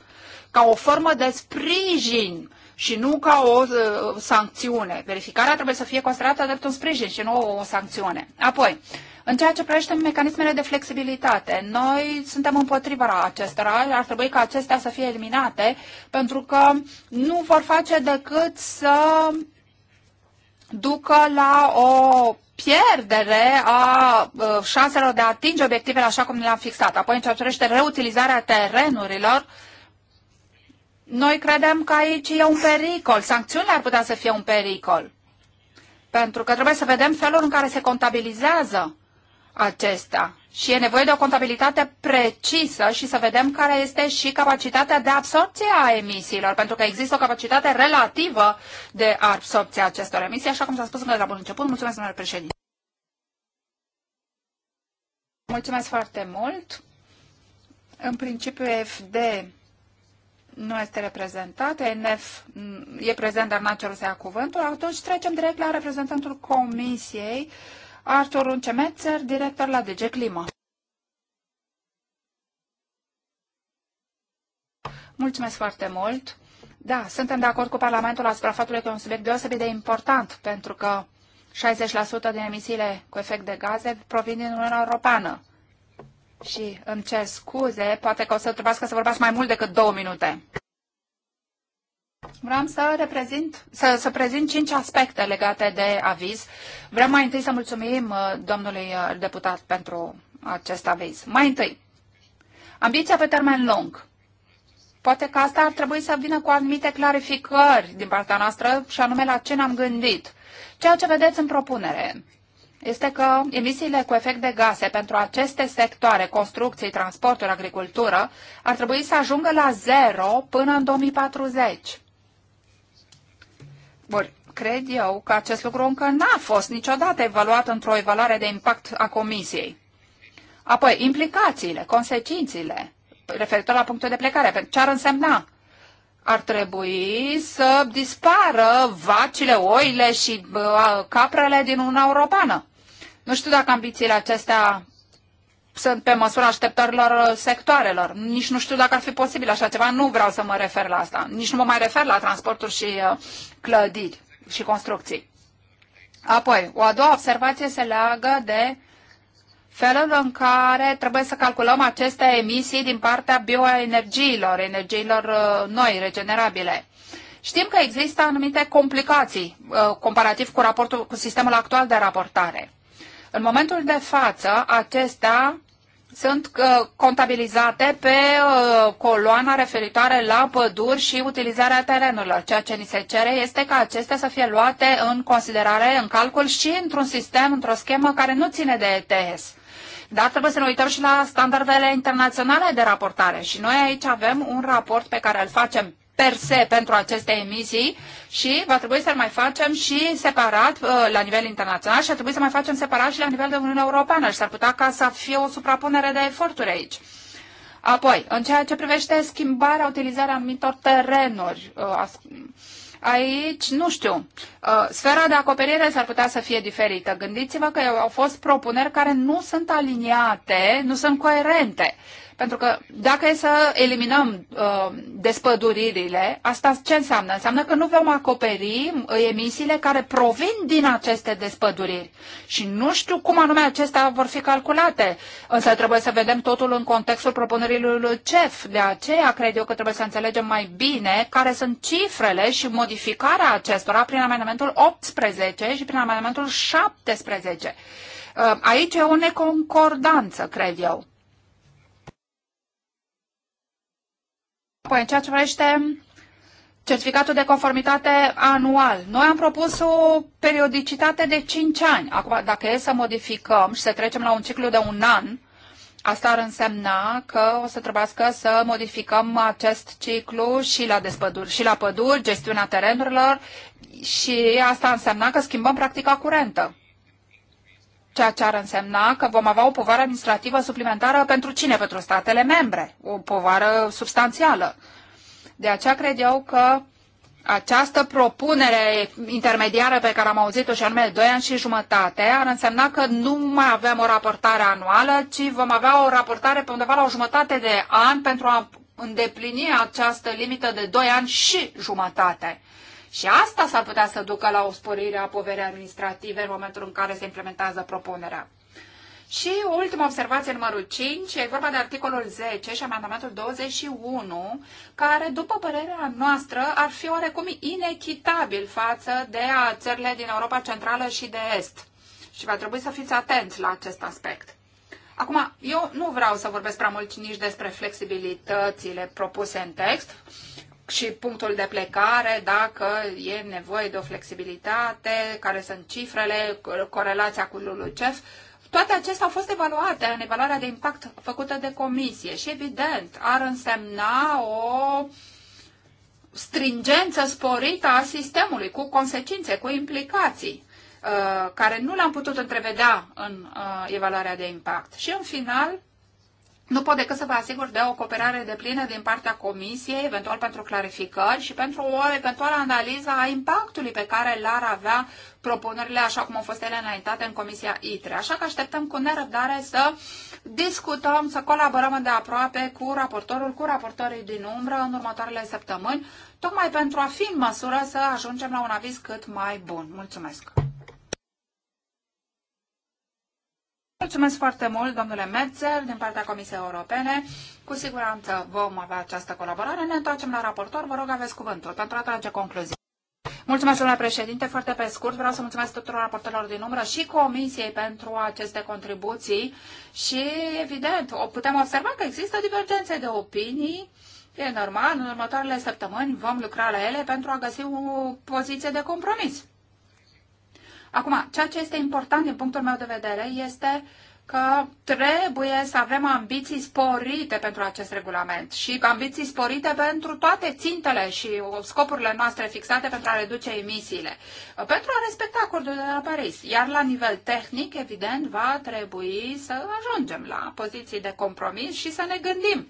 S2: ca o formă de sprijin și nu ca o uh, sancțiune. Verificarea trebuie să fie considerată drept un sprijin și nu o, o sancțiune. Apoi, uh, în ceea ce privește mecanismele de flexibilitate, noi suntem împotriva acestora, ar trebui ca acestea să fie eliminate, pentru că nu vor face decât să ducă la o pierdere a uh, șanselor de a atinge obiectivele așa cum le-am fixat. Apoi, în ceea ce privește reutilizarea terenurilor, noi credem că aici e un pericol, sancțiunile ar putea să fie un pericol. Pentru că trebuie să vedem felul în care se contabilizează acesta. Și e nevoie de o contabilitate precisă și să vedem care este și capacitatea de absorpție a emisiilor, pentru că există o capacitate relativă de absorpție a acestor emisii, așa cum s-a spus încă de la bun început. Mulțumesc, domnule președinte. Mulțumesc foarte mult. În principiu, FD nu este reprezentat, NF e prezent, dar n-a cerut să ia cuvântul, atunci trecem direct la reprezentantul Comisiei, Artur Uncemețer, director la DG Clima. Mulțumesc foarte mult! Da, suntem de acord cu Parlamentul asupra faptului că e un subiect deosebit de important, pentru că 60% din emisiile cu efect de gaze provin din Uniunea Europeană. Și îmi cer scuze, poate că o să trebuiască să vorbească mai mult decât două minute. Vreau să reprezint, să, să prezint cinci aspecte legate de aviz. Vreau mai întâi să mulțumim uh, domnului uh, deputat pentru acest aviz. Mai întâi, ambiția pe termen lung. Poate că asta ar trebui să vină cu anumite clarificări din partea noastră și anume la ce ne-am gândit. Ceea ce vedeți în propunere este că emisiile cu efect de gaze pentru aceste sectoare, construcții, transporturi, agricultură, ar trebui să ajungă la zero până în 2040. Bun, cred eu că acest lucru încă n-a fost niciodată evaluat într-o evaluare de impact a Comisiei. Apoi, implicațiile, consecințele referitor la punctul de plecare, pentru ce ar însemna? Ar trebui să dispară vacile, oile și caprele din Uniunea Europeană. Nu știu dacă ambițiile acestea sunt pe măsura așteptărilor sectoarelor. Nici nu știu dacă ar fi posibil așa ceva, nu vreau să mă refer la asta. Nici nu mă mai refer la transporturi și uh, clădiri și construcții. Apoi, o a doua observație se leagă de felul în care trebuie să calculăm aceste emisii din partea bioenergiilor, energiilor uh, noi, regenerabile. Știm că există anumite complicații uh, comparativ cu, raportul, cu sistemul actual de raportare. În momentul de față, acestea sunt uh, contabilizate pe uh, coloana referitoare la păduri și utilizarea terenurilor. Ceea ce ni se cere este ca acestea să fie luate în considerare, în calcul și într-un sistem, într-o schemă care nu ține de ETS. Dar trebuie să ne uităm și la standardele internaționale de raportare. Și noi aici avem un raport pe care îl facem per se pentru aceste emisii și va trebui să mai facem și separat uh, la nivel internațional și va trebui să mai facem separat și la nivel de Uniunea Europeană și s-ar putea ca să fie o suprapunere de eforturi aici. Apoi, în ceea ce privește schimbarea, utilizarea anumitor terenuri, uh, aici, nu știu, uh, sfera de acoperire s-ar putea să fie diferită. Gândiți-vă că au fost propuneri care nu sunt aliniate, nu sunt coerente. Pentru că dacă e să eliminăm uh, despăduririle, asta ce înseamnă? Înseamnă că nu vom acoperi uh, emisiile care provin din aceste despăduriri. Și nu știu cum anume acestea vor fi calculate, însă trebuie să vedem totul în contextul propunerilor lui CEF. De aceea cred eu că trebuie să înțelegem mai bine care sunt cifrele și modificarea acestora prin amendamentul 18 și prin amendamentul 17. Uh, aici e o neconcordanță, cred eu. Apoi, în ceea ce vrește certificatul de conformitate anual, noi am propus o periodicitate de 5 ani. Acum, dacă e să modificăm și să trecem la un ciclu de un an, Asta ar însemna că o să trebuiască să modificăm acest ciclu și la despăduri, și la păduri, gestiunea terenurilor și asta însemna că schimbăm practica curentă ceea ce ar însemna că vom avea o povară administrativă suplimentară pentru cine? Pentru statele membre, o povară substanțială. De aceea cred eu că această propunere intermediară pe care am auzit-o și anume 2 ani și jumătate ar însemna că nu mai avem o raportare anuală, ci vom avea o raportare pe undeva la o jumătate de an pentru a îndeplini această limită de 2 ani și jumătate. Și asta s-ar putea să ducă la o sporire a poverii administrative în momentul în care se implementează propunerea. Și o ultimă observație, numărul 5, e vorba de articolul 10 și amendamentul 21, care, după părerea noastră, ar fi oarecum inechitabil față de țările din Europa Centrală și de Est. Și va trebui să fiți atenți la acest aspect. Acum, eu nu vreau să vorbesc prea mult nici despre flexibilitățile propuse în text, și punctul de plecare, dacă e nevoie de o flexibilitate, care sunt cifrele, corelația cu LULUCEF. Toate acestea au fost evaluate în evaluarea de impact făcută de comisie și, evident, ar însemna o stringență sporită a sistemului, cu consecințe, cu implicații, uh, care nu le-am putut întrevedea în uh, evaluarea de impact. Și, în final, nu pot decât să vă asigur de o cooperare de plină din partea Comisiei, eventual pentru clarificări și pentru o eventuală analiză a impactului pe care l-ar avea propunerile așa cum au fost ele înaintate în Comisia ITRE. Așa că așteptăm cu nerăbdare să discutăm, să colaborăm de aproape cu raportorul, cu raportorii din umbră în următoarele săptămâni, tocmai pentru a fi în măsură să ajungem la un aviz cât mai bun. Mulțumesc! Mulțumesc foarte mult, domnule Metzer, din partea Comisiei Europene. Cu siguranță vom avea această colaborare. Ne întoarcem la raportor. Vă rog, aveți cuvântul pentru a trage concluzii. Mulțumesc, domnule președinte. Foarte pe scurt, vreau să mulțumesc tuturor raportorilor din umbră și Comisiei pentru aceste contribuții și, evident, putem observa că există divergențe de opinii. E normal, în următoarele săptămâni vom lucra la ele pentru a găsi o poziție de compromis. Acum, ceea ce este important din punctul meu de vedere este că trebuie să avem ambiții sporite pentru acest regulament și ambiții sporite pentru toate țintele și scopurile noastre fixate pentru a reduce emisiile, pentru a respecta acordul de la Paris. Iar la nivel tehnic, evident, va trebui să ajungem la poziții de compromis și să ne gândim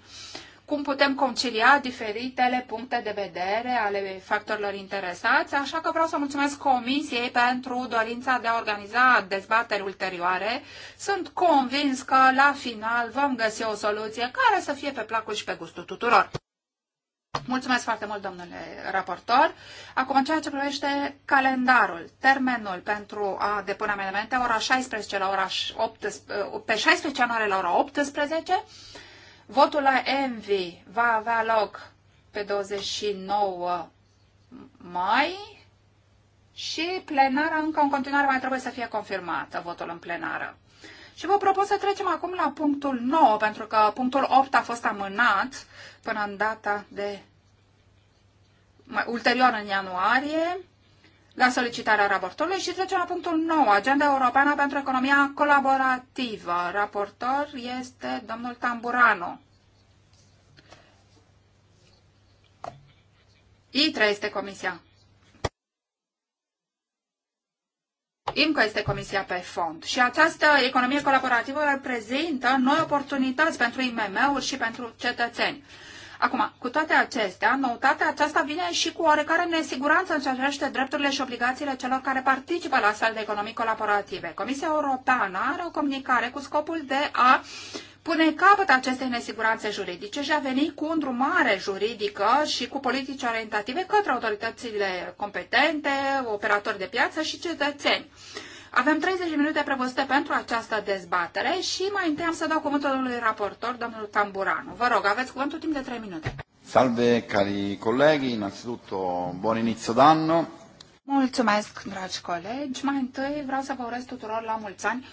S2: cum putem concilia diferitele puncte de vedere ale factorilor interesați, așa că vreau să mulțumesc Comisiei pentru dorința de a organiza dezbateri ulterioare. Sunt convins că la final vom găsi o soluție care să fie pe placul și pe gustul tuturor. Mulțumesc foarte mult, domnule raportor. Acum, în ceea ce privește calendarul, termenul pentru a depune amendamente, ora 16 la ora 8, pe 16 ianuarie la ora 18, Votul la Envy va avea loc pe 29 mai și plenara încă în continuare mai trebuie să fie confirmată, votul în plenară. Și vă propun să trecem acum la punctul 9, pentru că punctul 8 a fost amânat până în data de mai, ulterior în ianuarie la solicitarea raportorului și trecem la punctul 9, Agenda Europeană pentru Economia Colaborativă. Raportor este domnul Tamburano. ITRA este comisia. IMCO este Comisia pe Fond și această economie colaborativă reprezintă noi oportunități pentru IMM-uri și pentru cetățeni. Acum, cu toate acestea, noutatea aceasta vine și cu oarecare nesiguranță în ceea ce privește drepturile și obligațiile celor care participă la astfel de economii colaborative. Comisia Europeană are o comunicare cu scopul de a pune capăt acestei nesiguranțe juridice și a veni cu îndrumare juridică și cu politici orientative către autoritățile competente, operatori de piață și cetățeni. Avem 30 de minute prevăzute pentru această dezbatere și mai întâi am să dau cuvântul lui raportor, domnul Tamburanu. Vă rog, aveți cuvântul timp de 3 minute. Salve, cari colleghi, innanzitutto buon inizio d'anno. Mulțumesc, dragi colegi. Mai întâi vreau să vă urez tuturor la mulți ani.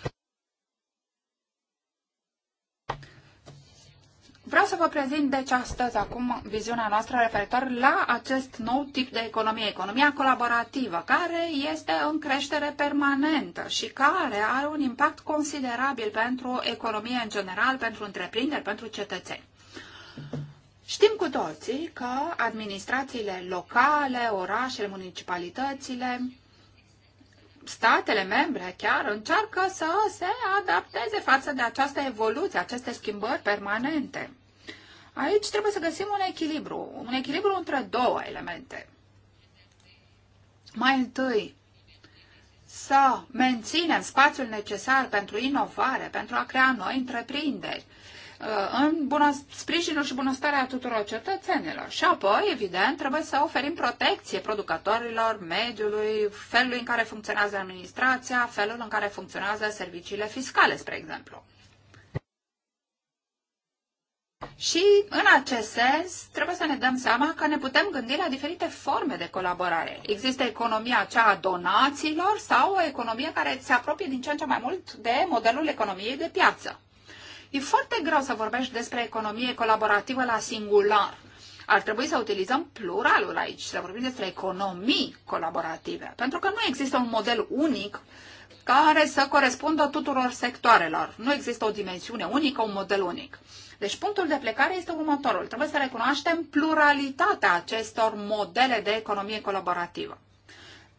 S2: Vreau să vă prezint deci astăzi acum viziunea noastră referitor la acest nou tip de economie, economia colaborativă, care este în creștere permanentă și care are un impact considerabil pentru economie în general, pentru întreprinderi, pentru cetățeni. Știm cu toții că administrațiile locale, orașele, municipalitățile statele membre chiar încearcă să se adapteze față de această evoluție, aceste schimbări permanente. Aici trebuie să găsim un echilibru, un echilibru între două elemente. Mai întâi, să menținem spațiul necesar pentru inovare, pentru a crea noi întreprinderi, Uh, în bună, sprijinul și bunăstarea tuturor cetățenilor. Și apoi, evident, trebuie să oferim protecție producătorilor, mediului, felul în care funcționează administrația, felul în care funcționează serviciile fiscale, spre exemplu. Și în acest sens trebuie să ne dăm seama că ne putem gândi la diferite forme de colaborare. Există economia cea a donațiilor sau o economie care se apropie din ce în ce mai mult de modelul economiei de piață. E foarte greu să vorbești despre economie colaborativă la singular. Ar trebui să utilizăm pluralul aici, să vorbim despre economii colaborative, pentru că nu există un model unic care să corespundă tuturor sectoarelor. Nu există o dimensiune unică, un model unic. Deci punctul de plecare este următorul. Trebuie să recunoaștem pluralitatea acestor modele de economie colaborativă.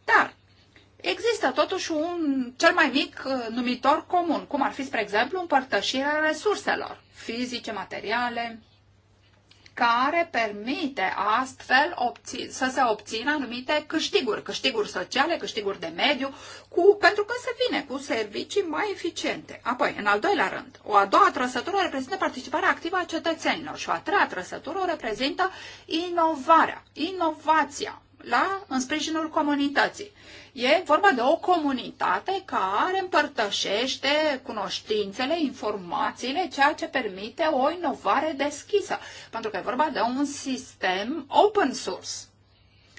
S2: Dar există totuși un cel mai mic uh, numitor comun, cum ar fi, spre exemplu, împărtășirea resurselor fizice, materiale, care permite astfel obțin, să se obțină anumite câștiguri, câștiguri sociale, câștiguri de mediu, cu, pentru că se vine cu servicii mai eficiente. Apoi, în al doilea rând, o a doua trăsătură reprezintă participarea activă a cetățenilor și o a treia trăsătură reprezintă inovarea, inovația la, în sprijinul comunității. E vorba de o comunitate care împărtășește cunoștințele, informațiile, ceea ce permite o inovare deschisă, pentru că e vorba de un sistem open source,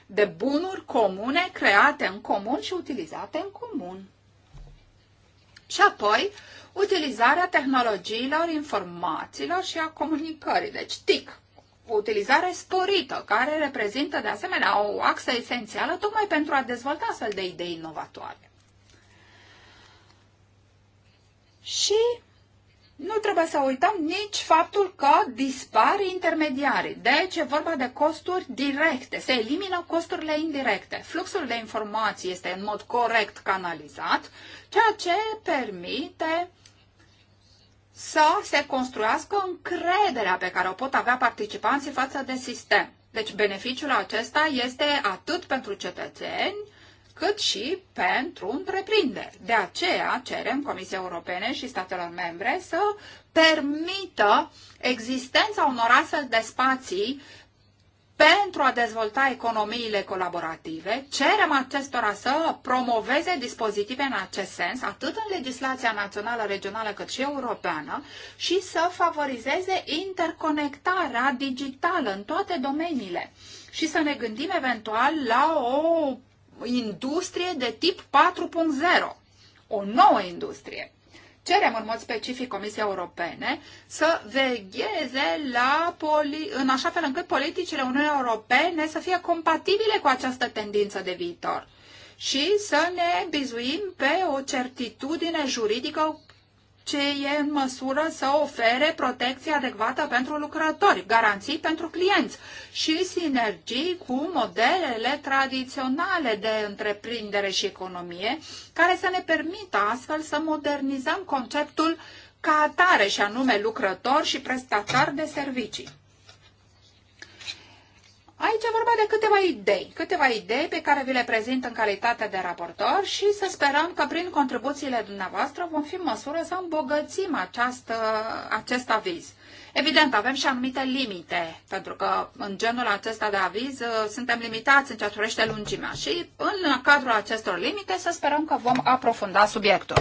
S2: de bunuri comune create în comun și utilizate în comun. Și apoi, utilizarea tehnologiilor, informațiilor și a comunicării, deci TIC, utilizare sporită, care reprezintă de asemenea o axă esențială tocmai pentru a dezvolta astfel de idei inovatoare. Și nu trebuie să uităm nici faptul că dispar intermediarii. Deci e vorba de costuri directe. Se elimină costurile indirecte. Fluxul de informații este în mod corect canalizat, ceea ce permite să se construiască încrederea pe care o pot avea participanții față de sistem. Deci beneficiul acesta este atât pentru cetățeni, cât și pentru întreprinderi. De aceea cerem Comisiei Europene și statelor membre să permită existența unor astfel de spații pentru a dezvolta economiile colaborative, cerem acestora să promoveze dispozitive în acest sens, atât în legislația națională, regională, cât și europeană, și să favorizeze interconectarea digitală în toate domeniile și să ne gândim eventual la o industrie de tip 4.0, o nouă industrie cerem în mod specific Comisiei Europene să vegheze la poli- în așa fel încât politicile Uniunii Europene să fie compatibile cu această tendință de viitor și să ne bizuim pe o certitudine juridică ce e în măsură să ofere protecție adecvată pentru lucrători, garanții pentru clienți și sinergii cu modelele tradiționale de întreprindere și economie, care să ne permită astfel să modernizăm conceptul ca atare, și anume lucrător și prestatar de servicii. Aici e vorba de câteva idei, câteva idei pe care vi le prezint în calitate de raportor și să sperăm că prin contribuțiile dumneavoastră vom fi în măsură să îmbogățim această, acest aviz. Evident, avem și anumite limite, pentru că în genul acesta de aviz uh, suntem limitați în ceea ce privește lungimea și în cadrul acestor limite să sperăm că vom aprofunda subiectul.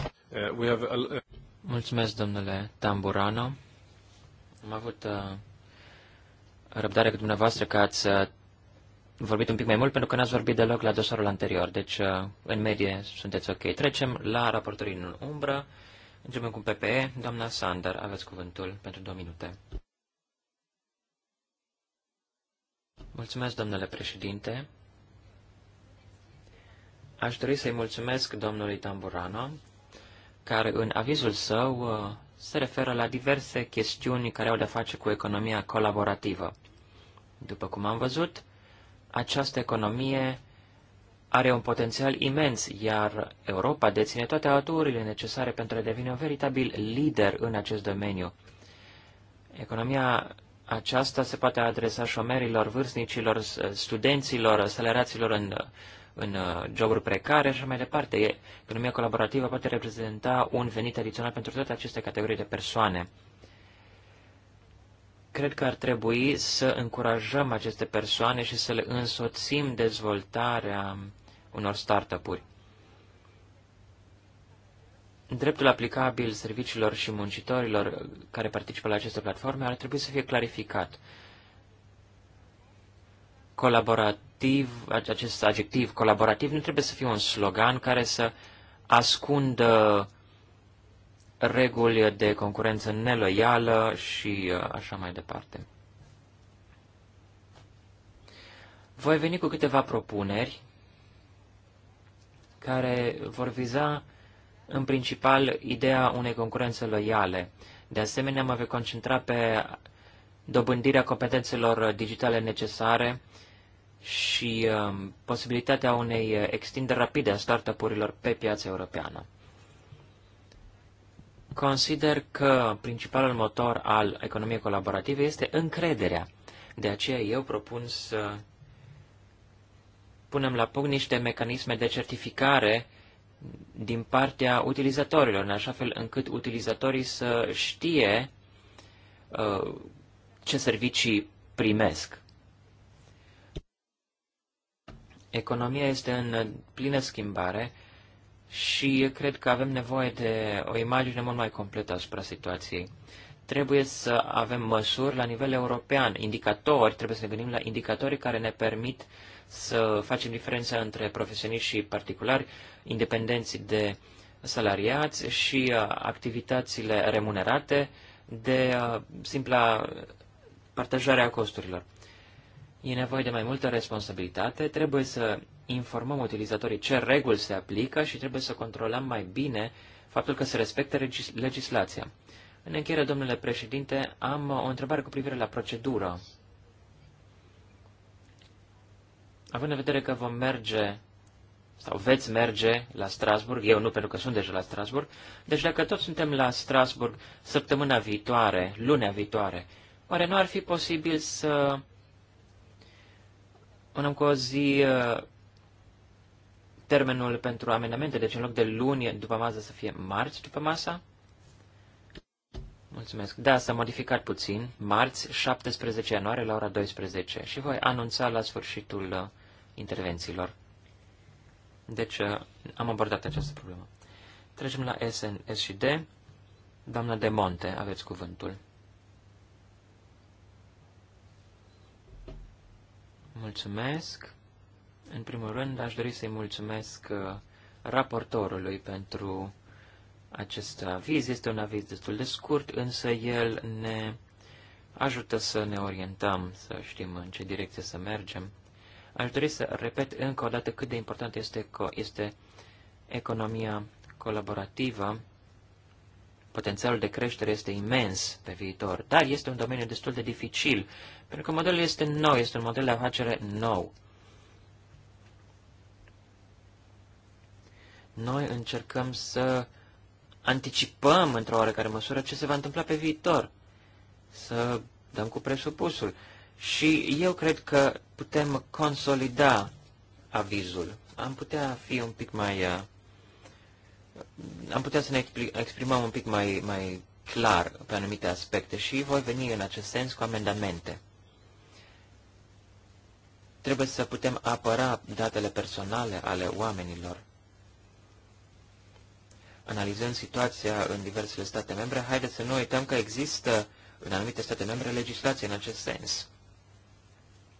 S2: Uh, uh
S1: Mulțumesc, domnule Tamburano. Am avut răbdare cu dumneavoastră că ați uh, vorbit un pic mai mult pentru că n-ați vorbit deloc la dosarul anterior. Deci, uh, în medie, sunteți ok. Trecem la raportorii în umbră. Începem cu PPE. Doamna Sander, aveți cuvântul pentru două minute. Mulțumesc, domnule președinte. Aș dori să-i mulțumesc domnului Tamburano, care în avizul său uh, se referă la diverse chestiuni care au de face cu economia colaborativă. După cum am văzut, această economie are un potențial imens, iar Europa deține toate aturile necesare pentru a deveni un veritabil lider în acest domeniu. Economia aceasta se poate adresa șomerilor, vârstnicilor, studenților, salariaților în în uh, joburi precare și așa mai departe. Economia colaborativă poate reprezenta un venit adițional pentru toate aceste categorii de persoane. Cred că ar trebui să încurajăm aceste persoane și să le însoțim dezvoltarea unor startup-uri. Dreptul aplicabil serviciilor și muncitorilor care participă la aceste platforme ar trebui să fie clarificat. Colaborativ, acest adjectiv colaborativ nu trebuie să fie un slogan care să ascundă reguli de concurență neloială și uh, așa mai departe. Voi veni cu câteva propuneri care vor viza în principal ideea unei concurențe loiale. De asemenea, mă voi concentra pe dobândirea competențelor digitale necesare și um, posibilitatea unei uh, extinderi rapide a startup-urilor pe piața europeană. Consider că principalul motor al economiei colaborative este încrederea. De aceea eu propun să punem la punct niște mecanisme de certificare din partea utilizatorilor, în așa fel încât utilizatorii să știe uh, ce servicii primesc. Economia este în plină schimbare și cred că avem nevoie de o imagine mult mai completă asupra situației. Trebuie să avem măsuri la nivel european, indicatori, trebuie să ne gândim la indicatorii care ne permit să facem diferența între profesioniști și particulari, independenți de salariați și uh, activitățile remunerate de uh, simpla partajare a costurilor. E nevoie de mai multă responsabilitate, trebuie să informăm utilizatorii ce reguli se aplică și trebuie să controlăm mai bine faptul că se respectă legislația. În încheiere, domnule președinte, am o întrebare cu privire la procedură. Având în vedere că vom merge sau veți merge la Strasburg, eu nu pentru că sunt deja la Strasburg, deci dacă tot suntem la Strasburg săptămâna viitoare, lunea viitoare, oare nu ar fi posibil să în cu o zi uh, termenul pentru amendamente, deci în loc de luni după masă să fie marți după masa. Mulțumesc. Da, s-a modificat puțin. Marți, 17 ianuarie, la ora 12. Și voi anunța la sfârșitul uh, intervențiilor. Deci uh, am abordat această problemă. Trecem la S, S și D. Doamna de Monte, aveți cuvântul. Mulțumesc. În primul rând, aș dori să-i mulțumesc uh, raportorului pentru acest aviz. Este un aviz destul de scurt, însă el ne ajută să ne orientăm, să știm în ce direcție să mergem. Aș dori să repet încă o dată cât de important este, este economia colaborativă Potențialul de creștere este imens pe viitor, dar este un domeniu destul de dificil, pentru că modelul este nou, este un model de afacere nou. Noi încercăm să anticipăm, într-o oarecare măsură, ce se va întâmpla pe viitor, să dăm cu presupusul. Și eu cred că putem consolida avizul. Am putea fi un pic mai uh, am putea să ne exprimăm un pic mai, mai clar pe anumite aspecte și voi veni în acest sens cu amendamente. Trebuie să putem apăra datele personale ale oamenilor. Analizând situația în diversele state membre, haideți să nu uităm că există în anumite state membre legislație în acest sens.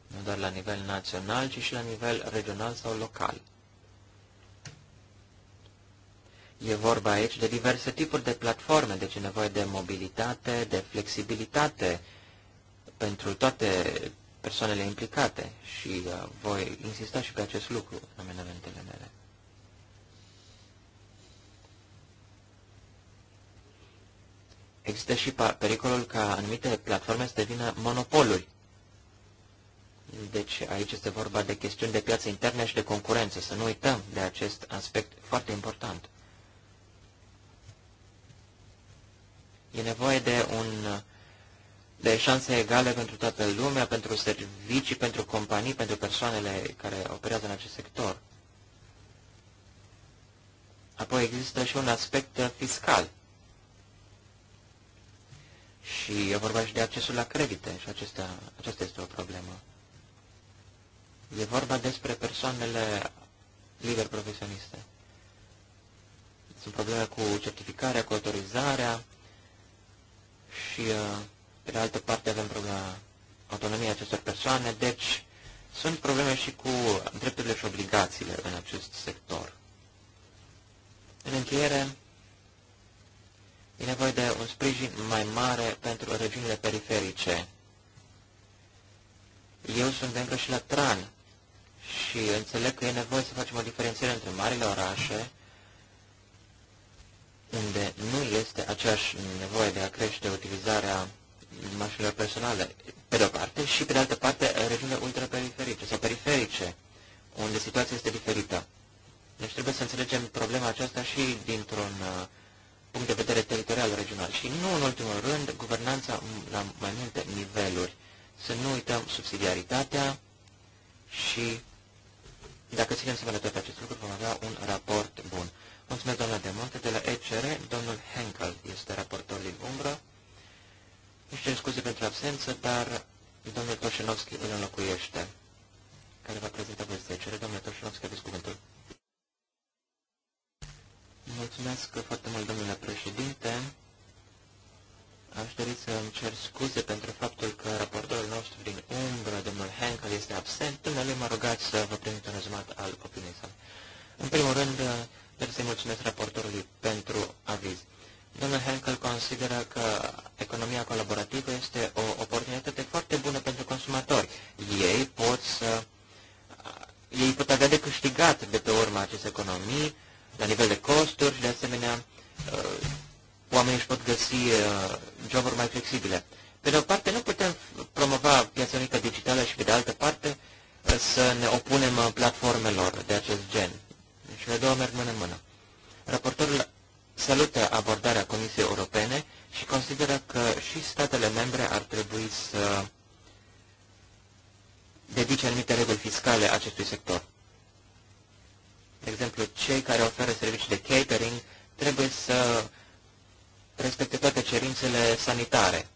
S1: Nu doar la nivel național, ci și la nivel regional sau local. E vorba aici de diverse tipuri de platforme, deci e nevoie de mobilitate, de flexibilitate pentru toate persoanele implicate și uh, voi insista și pe acest lucru în amenamentele mele. Există și pericolul ca anumite platforme să devină monopoluri. Deci aici este vorba de chestiuni de piață internă și de concurență. Să nu uităm de acest aspect foarte important. E nevoie de un de șanse egale pentru toată lumea, pentru servicii, pentru companii, pentru persoanele care operează în acest sector. Apoi există și un aspect fiscal. Și e vorba și de accesul la credite și acesta, aceasta este o problemă. E vorba despre persoanele liber profesioniste. Sunt probleme cu certificarea, cu autorizarea, și, uh, pe de altă parte, avem problema autonomiei acestor persoane, deci sunt probleme și cu drepturile și obligațiile în acest sector. În încheiere, e nevoie de un sprijin mai mare pentru regiunile periferice. Eu sunt încă și la Tran și înțeleg că e nevoie să facem o diferențiere între marile orașe unde nu este aceeași nevoie de a crește utilizarea mașinilor personale, pe de-o parte, și pe de altă parte regiunile ultraperiferice sau periferice, unde situația este diferită. Deci trebuie să înțelegem problema aceasta și dintr-un uh, punct de vedere teritorial regional. Și nu în ultimul rând, guvernanța la mai multe niveluri. Să nu uităm subsidiaritatea și dacă ținem să de toate acest lucru, vom avea un raport bun. Mulțumesc, doamna Demonte. De la ECR, domnul Henkel este raportor din umbră. Nu cer scuze pentru absență, dar domnul Toșenovski îl înlocuiește, care va prezenta poziția ECR. Domnul Toșenovski, aveți cuvântul. Mulțumesc foarte mult, domnule președinte. Aș dori să îmi cer scuze pentru faptul că raportorul nostru din umbră, domnul Henkel, este absent. Dumnealui m-a rugat să vă primit un rezumat al opiniei sale. În primul rând, Doresc să-i mulțumesc raportorului pentru aviz. Domnul Henkel consideră că economia colaborativă este o oportunitate foarte bună pentru consumatori. Ei pot să ei pot avea de câștigat de pe urma aceste economii, la nivel de costuri și, de asemenea, uh, oamenii își pot găsi uh, joburi mai flexibile. Pe de o parte, nu putem promova piața unică digitală și, pe de altă parte, uh, să ne opunem platformelor de acest gen. Cele două merg mână în mână. Raportorul salută abordarea Comisiei Europene și consideră că și statele membre ar trebui să dedice anumite reguli fiscale acestui sector. De exemplu, cei care oferă servicii de catering trebuie să respecte toate cerințele sanitare.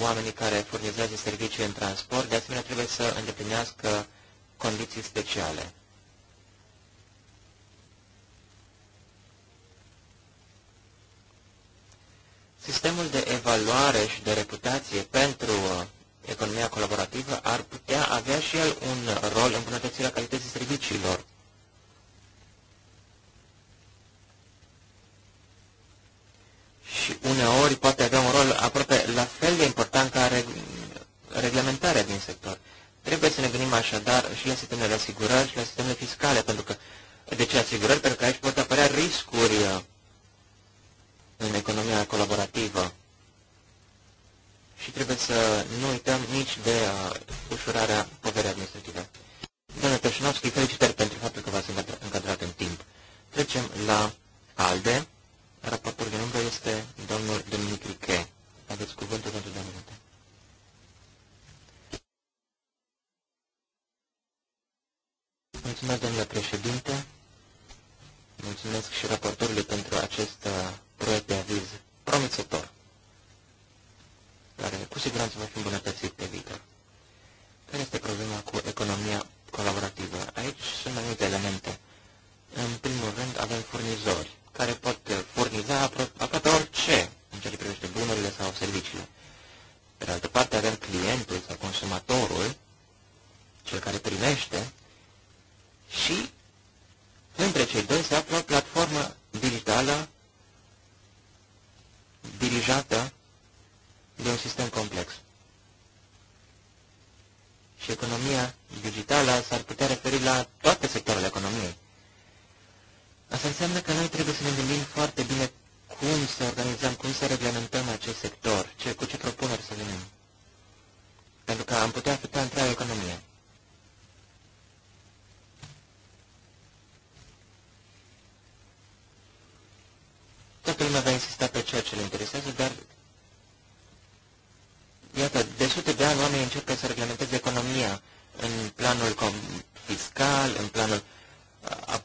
S1: Oamenii care furnizează servicii în transport, de asemenea, trebuie să îndeplinească condiții speciale. Sistemul de evaluare și de reputație pentru uh, economia colaborativă ar putea avea și el un rol în bunătățirea calității serviciilor. Și uneori poate avea un rol aproape la fel de important ca reglementarea din sector. Trebuie să ne gândim așadar și la sistemele de asigurări și la sistemele fiscale, pentru că de ce asigurări? Pentru că aici pot apărea riscuri uh, în economia colaborativă. Și trebuie să nu uităm nici de uh, ușurarea poverii administrative. Domnule Tășinovski, felicitări pentru faptul că v-ați încadrat în timp. Trecem la ALDE. Raportul de umbră este domnul Dominic Riche. Aveți cuvântul pentru domnul minute. Mulțumesc, domnule președinte. Mulțumesc și raportorului pentru acest uh, proiect de aviz promițător, care cu siguranță va fi îmbunătățit pe viitor. Care este problema cu economia colaborativă? Aici sunt mai multe elemente. În primul rând avem furnizori, care pot furniza aproape orice în ceea ce privește bunurile sau serviciile. Pe de altă parte avem clientul sau consumatorul, cel care primește, și între cei doi se află o platformă digitală dirijată de un sistem complex. Și economia digitală s-ar putea referi la toate sectoarele economiei. Asta înseamnă că noi trebuie să ne gândim foarte bine cum să organizăm, cum să reglementăm acest sector, ce, cu ce propuneri să venim. Pentru că am putea afecta întreaga economie. Toată lumea va insista pe ceea ce le interesează, dar iată, de sute de ani oamenii încearcă să reglementeze economia în planul fiscal, în planul a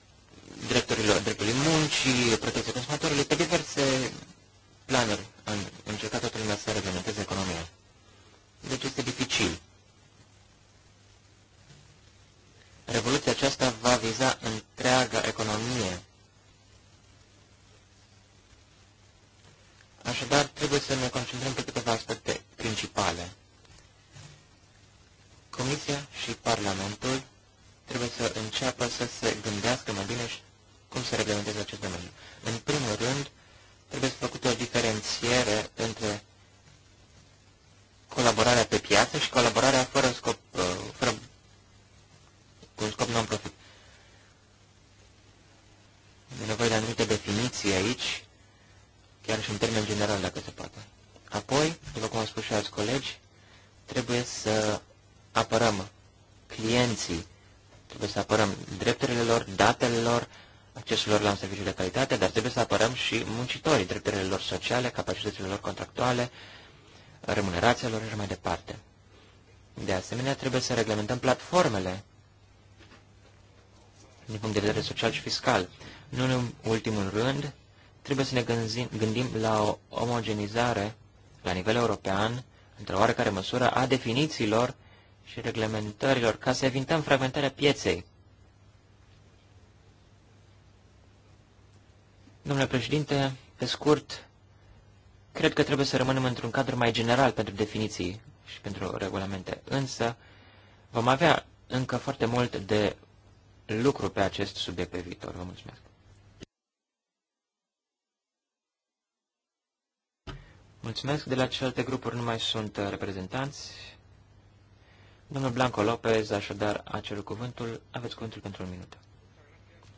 S1: drepturilor, dreptului muncii, protecția consumatorului, pe diverse planuri în, încercat toată lumea să reglementeze economia. Deci este dificil. Revoluția aceasta va viza întreaga economie Așadar, trebuie să ne concentrăm pe câteva aspecte principale. Comisia și Parlamentul trebuie să înceapă să se gândească mai bine și cum să reglementeze acest domeniu. În primul rând, trebuie să făcută o diferențiere între colaborarea pe piață și colaborarea fără scop, uh, fără, cu scop non-profit. E nevoie de anumite definiții aici chiar și în termen general, dacă se poate. Apoi, după cum au spus și alți colegi, trebuie să apărăm clienții, trebuie să apărăm drepturile lor, datele lor, accesul lor la un serviciu de calitate, dar trebuie să apărăm și muncitorii, drepturile lor sociale, capacitățile lor contractuale, remunerația lor și așa mai departe. De asemenea, trebuie să reglementăm platformele din punct de vedere social și fiscal. Nu în ultimul rând, trebuie să ne gândim, gândim la o omogenizare la nivel european, într-o oarecare măsură, a definițiilor și reglementărilor, ca să evităm fragmentarea pieței. Domnule președinte, pe scurt, cred că trebuie să rămânem într-un cadru mai general pentru definiții și pentru regulamente, însă vom avea încă foarte mult de lucru pe acest subiect pe viitor. Vă mulțumesc! Mulțumesc. De la celelalte grupuri nu mai sunt uh, reprezentanți. Domnul Blanco Lopez, așadar, a cerut cuvântul. Aveți cuvântul pentru un minut.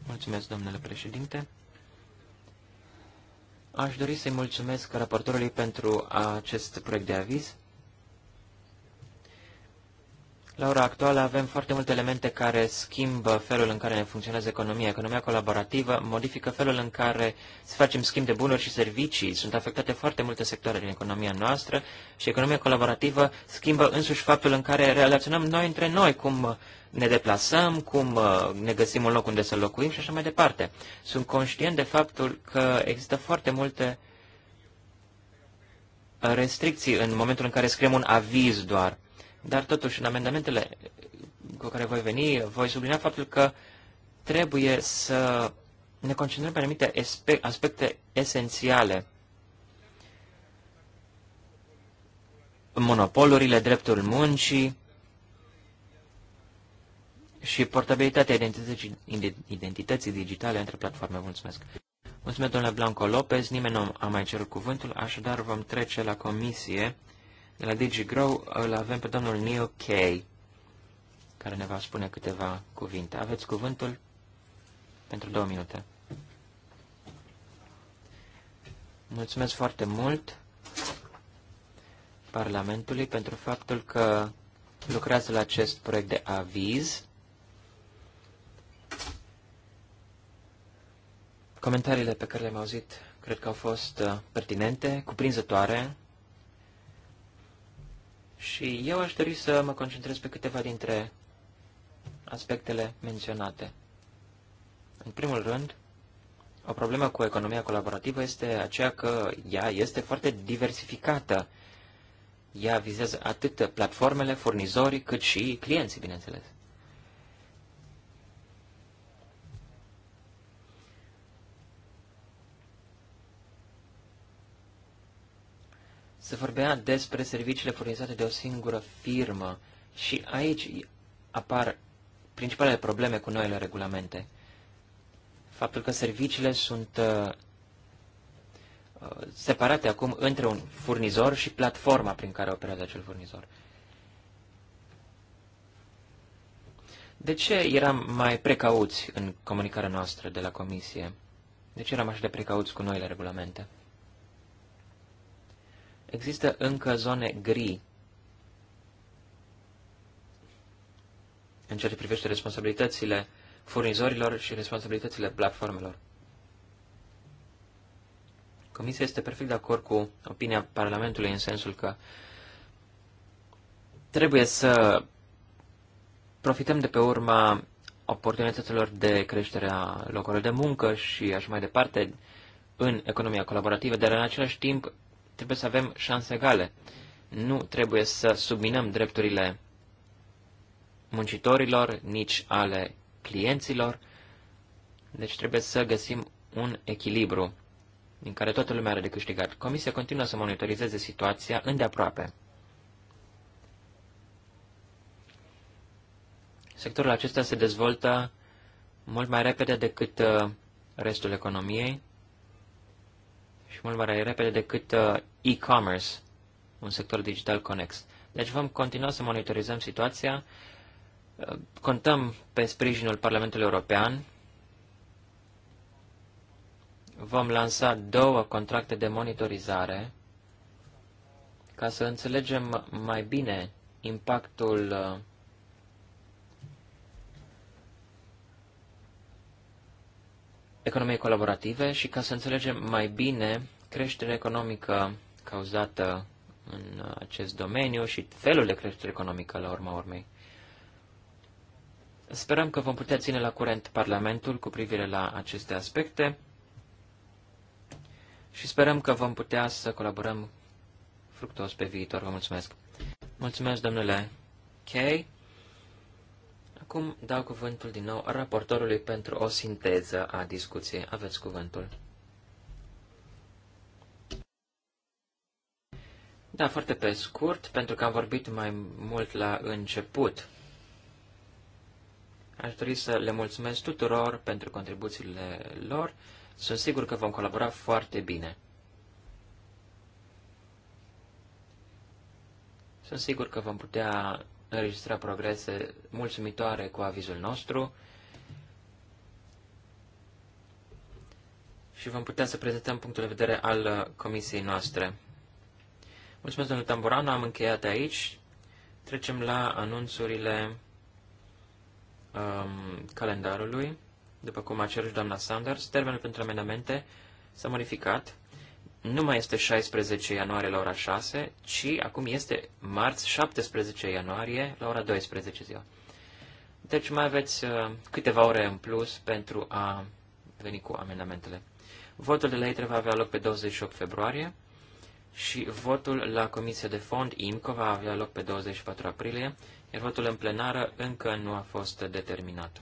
S1: Mulțumesc, domnule președinte. Aș dori să-i mulțumesc raportorului pentru acest proiect de aviz. La ora actuală avem foarte multe elemente care schimbă felul în care ne funcționează economia. Economia colaborativă modifică felul în care se facem schimb de bunuri și servicii. Sunt afectate foarte multe sectoare din economia noastră și economia colaborativă schimbă însuși faptul în care relaționăm noi între noi, cum ne deplasăm, cum uh, ne găsim un loc unde să locuim și așa mai departe. Sunt conștient de faptul că există foarte multe restricții în momentul în care scriem un aviz doar. Dar totuși, în amendamentele cu care voi veni, voi sublinia faptul că trebuie să ne concentrăm pe anumite aspecte esențiale. Monopolurile, dreptul muncii și portabilitatea identității, identității digitale între platforme. Mulțumesc! Mulțumesc, domnule Blanco Lopez. Nimeni nu a mai cerut cuvântul, așadar vom trece la comisie. La DigiGrow îl avem pe domnul Neil Kay, care ne va spune câteva cuvinte. Aveți cuvântul pentru două minute. Mulțumesc foarte mult Parlamentului pentru faptul că lucrează la acest proiect de aviz. Comentariile pe care le-am auzit cred că au fost uh, pertinente, cuprinzătoare, și eu aș dori să mă concentrez pe câteva dintre aspectele menționate. În primul rând, o problemă cu economia colaborativă este aceea că ea este foarte diversificată. Ea vizează atât platformele, furnizorii, cât și clienții, bineînțeles. se vorbea despre serviciile furnizate de o singură firmă și aici apar principalele probleme cu noile regulamente. Faptul că serviciile sunt uh, uh, separate acum între un furnizor și platforma prin care operează acel furnizor. De ce eram mai precauți în comunicarea noastră de la comisie? De ce eram așa de precauți cu noile regulamente? Există încă zone gri în ceea ce privește responsabilitățile furnizorilor și responsabilitățile platformelor. Comisia este perfect de acord cu opinia Parlamentului în sensul că trebuie să profităm de pe urma oportunităților de creștere a locurilor de muncă și așa mai departe în economia colaborativă, dar în același timp Trebuie să avem șanse egale. Nu trebuie să subminăm drepturile muncitorilor, nici ale clienților. Deci trebuie să găsim un echilibru din care toată lumea are de câștigat. Comisia continuă să monitorizeze situația îndeaproape. Sectorul acesta se dezvoltă mult mai repede decât uh, restul economiei mult mai repede decât uh, e-commerce, un sector digital conex. Deci vom continua să monitorizăm situația, uh, contăm pe sprijinul Parlamentului European, vom lansa două contracte de monitorizare ca să înțelegem mai bine impactul uh, economiei colaborative și ca să înțelegem mai bine creșterea economică cauzată în acest domeniu și felul de creștere economică la urma urmei. Sperăm că vom putea ține la curent Parlamentul cu privire la aceste aspecte și sperăm că vom putea să colaborăm fructuos pe viitor. Vă mulțumesc! Mulțumesc, domnule Kay. Acum dau cuvântul din nou raportorului pentru o sinteză a discuției. Aveți cuvântul. Da, foarte pe scurt, pentru că am vorbit mai mult la început. Aș dori să le mulțumesc tuturor pentru contribuțiile lor. Sunt sigur că vom colabora foarte bine. Sunt sigur că vom putea înregistra progrese mulțumitoare cu avizul nostru și vom putea să prezentăm punctul de vedere al uh, comisiei noastre. Mulțumesc, domnul Tamburanu, am încheiat aici. Trecem la anunțurile um, calendarului. După cum a cerut doamna Sanders, termenul pentru amendamente s-a modificat. Nu mai este 16 ianuarie la ora 6, ci acum este marți 17 ianuarie la ora 12 ziua. Deci mai aveți uh, câteva ore în plus pentru a veni cu amendamentele. Votul de lei va avea loc pe 28 februarie și votul la Comisia de Fond IMCO va avea loc pe 24 aprilie, iar votul în plenară încă nu a fost determinat.